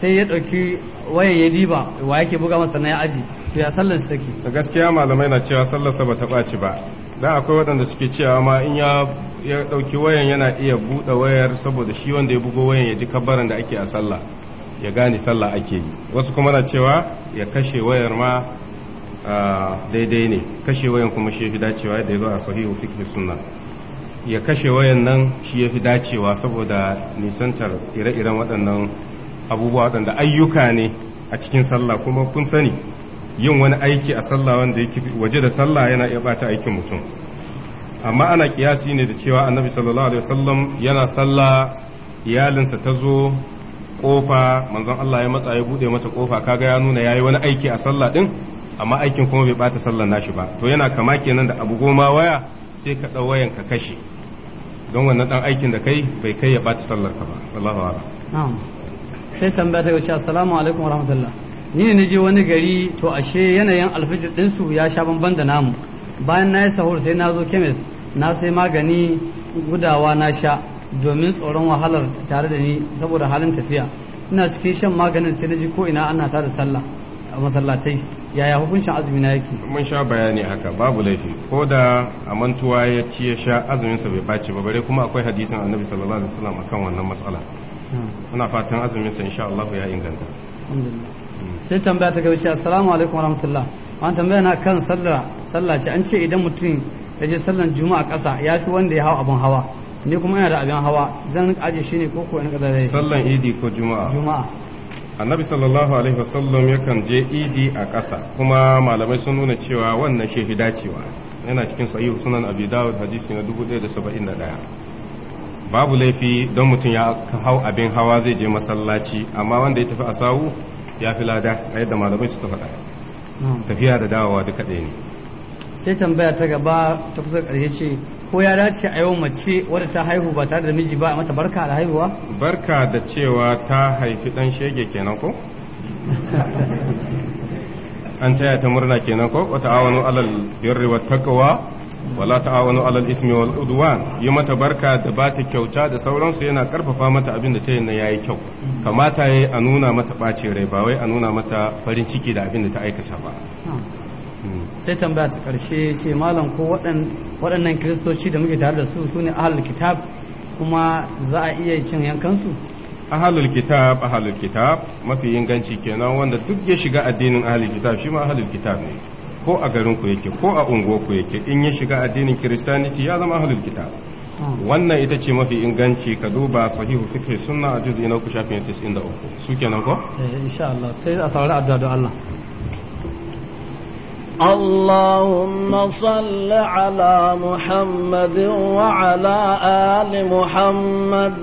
[SPEAKER 3] sai ya ɗauki wayan
[SPEAKER 1] ya diba wa yake buga masa na ya aji to ya sallar su take da gaskiya malamai na cewa sallar sa bata ɓaci ba dan akwai waɗanda suke cewa ma in ya ya ɗauki wayan yana iya buɗe wayar saboda shi wanda ya bugo wayan ya ji kabbaran da ake a sallah ya gane sallah ake yi wasu kuma na cewa ya kashe wayar ma daidai ne kashe wayan kuma shi ya fi dacewa da ya zo a sahihu fikhi sunna ya kashe wayan nan shi ya fi dacewa saboda nisantar ire-iren waɗannan abubuwa waɗanda ayyuka ne a cikin sallah kuma kun sani yin wani aiki a sallah wanda yake waje da sallah yana iya bata aikin mutum amma ana kiyasi ne da cewa annabi sallallahu alaihi wasallam yana sallah iyalinsa ta zo kofa manzon Allah ya matsa ya bude mata kofa kaga ya nuna yayi wani aiki a sallah din amma aikin kuma bai bata sallar nashi ba to yana kama kenan da abu goma waya sai ka dau wayan ka kashe don wannan dan aikin da kai bai kai ya bata sallar ka ba
[SPEAKER 3] na'am sai tambaya ta wuce assalamu alaikum wa rahmatullah ni ne je wani gari to ashe yanayin alfijir ɗinsu ya sha bamban da namu bayan na yi sahur sai na zo kemis na sai magani gudawa na sha domin tsoron wahalar tare da ni saboda halin tafiya ina cikin shan maganin sai na ji ko ina ana tada sallah a masallatai
[SPEAKER 1] yaya hukuncin azumi na yake mun sha bayani haka babu laifi ko da a ya ci ya sha azumin sa bai baci ba bare kuma akwai hadisin annabi sallallahu alaihi wasallam akan wannan matsala muna fatan azumin sa insha Allah ya inganta
[SPEAKER 3] sai tambaya ta gaba assalamu alaikum wa rahmatullah an tambaya na kan sallah sallah ce an ce idan mutum ya je sallan juma'a kasa ya fi wanda ya hau abin hawa ni kuma yana da abin hawa zan aje shi ne ko ko in kada zai sallan
[SPEAKER 1] idi ko juma'a juma'a annabi sallallahu alaihi wasallam yakan je idi a kasa kuma malamai sun nuna cewa wannan shehida dacewa yana cikin sahihu sunan abi dawud hadisi na 1071 babu laifi don mutum ya hau abin hawa zai je masallaci amma wanda ya tafi a sawu ya fi lada a yadda malamai suka faɗa hmm. tafiya da dawowa duka ɗaya ne sai tambaya
[SPEAKER 3] ta gaba ta kusa ƙarshe ce ko ya dace a yau mace wadda ta haihu ba tare da miji ba a mata barka da haihuwa
[SPEAKER 1] barka da cewa ta haifi ɗan shege kenan ko an taya ta murna kenan ko wata awanu alal yarri wa takawa wala ta'awanu alal ismi wal udwan yi mata barka da ba ta kyauta da sauransu yana karfafa mata abin da ta yi na yayi kyau kamata yayi a nuna mata ɓace rai ba wai a nuna mata farin ciki da abin da ta aikata ba hmm.
[SPEAKER 3] sai tambaya ta karshe ce malam ko waɗannan kiristoci da muke tare da su su ne ahalul kitab kuma za a iya cin yankansu
[SPEAKER 1] ahalul kitab ahalul kitab mafi inganci kenan wanda duk ya shiga addinin ahalul kitab shi ma ahalul kitab ne ko a garin ku yake ko a unguwarku yake in ya shiga addinin kiristaniti ya zama ahlul kitab wannan ita ce mafi inganci ka duba sahihu fiqh sunna a juz'i na uku shafin 93 su kenan ko eh insha Allah sai a saurari addu'a don Allah
[SPEAKER 2] اللهم صل على محمد وعلى آل محمد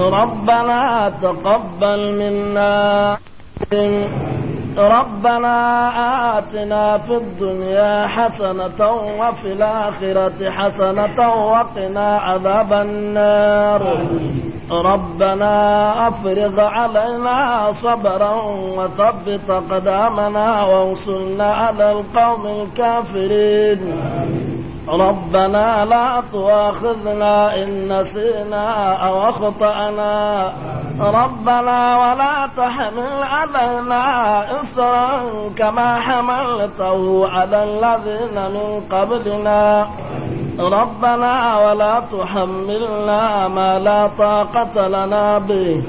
[SPEAKER 2] ربنا تقبل منا ربنا آتنا في الدنيا حسنة وفي الآخرة حسنة وقنا عذاب النار ربنا أفرغ علينا صبرا وثبت قدامنا وانصرنا على القوم الكافرين ربنا لا تؤاخذنا إن نسينا أو أخطأنا ربنا ولا تحمل علينا إصرا كما حملته على الذين من قبلنا ربنا ولا تحملنا ما لا طاقة لنا به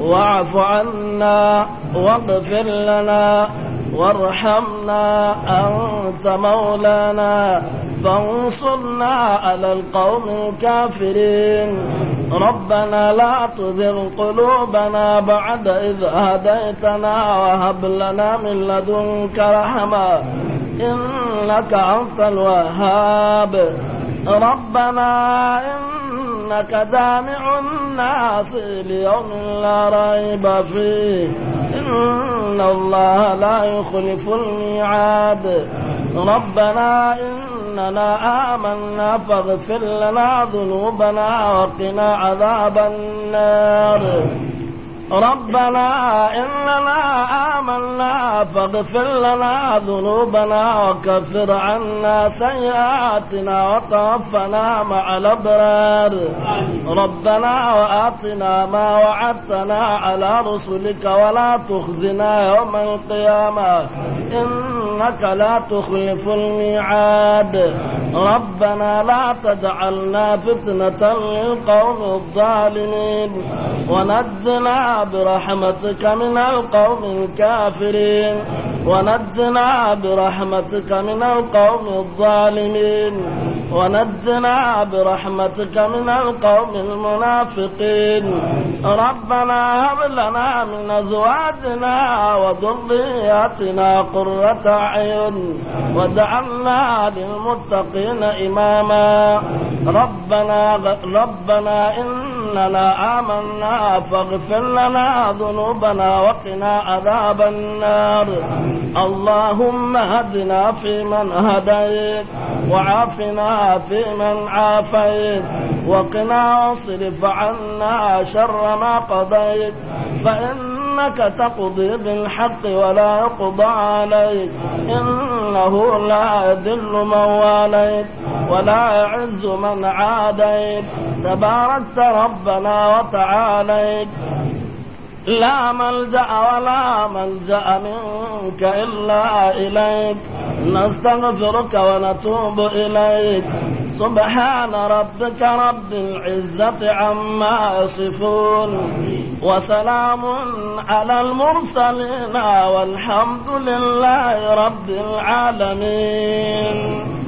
[SPEAKER 2] واعف عنا واغفر لنا وارحمنا أنت مولانا فانصرنا على القوم الكافرين ربنا لا تزغ قلوبنا بعد إذ هديتنا وهب لنا من لدنك رحمة إنك أنت الوهاب ربنا إنك جامع الناس ليوم لا ريب فيه إن الله لا يخلف الميعاد ربنا إننا آمنا فاغفر لنا ذنوبنا وقنا عذاب النار ربنا إننا آمنا فاغفر لنا ذنوبنا وكفر عنا سيئاتنا وتوفنا مع الأبرار ربنا وآتنا ما وعدتنا على رسلك ولا تخزنا يوم القيامة إنك لا تخلف الميعاد ربنا لا تجعلنا فتنة للقوم الظالمين ونجنا برحمتك من القوم الكافرين ونجنا برحمتك من القوم الظالمين ونجنا برحمتك من القوم المنافقين ربنا هب لنا من أزواجنا وذرياتنا قرة أعين واجعلنا للمتقين إماما ربنا ربنا إننا آمنا فاغفر لنا لنا ذنوبنا وقنا عذاب النار اللهم هدنا فيمن هديت وعافنا فيمن عافيت وقنا واصرف عنا شر ما قضيت فإنك تقضي بالحق ولا يقضى عليك إنه لا يذل من واليت ولا يعز من عاديت تباركت ربنا وتعاليت لا ملجأ ولا ملجأ منك إلا إليك نستغفرك ونتوب إليك سبحان ربك رب العزة عما يصفون وسلام على المرسلين والحمد لله رب العالمين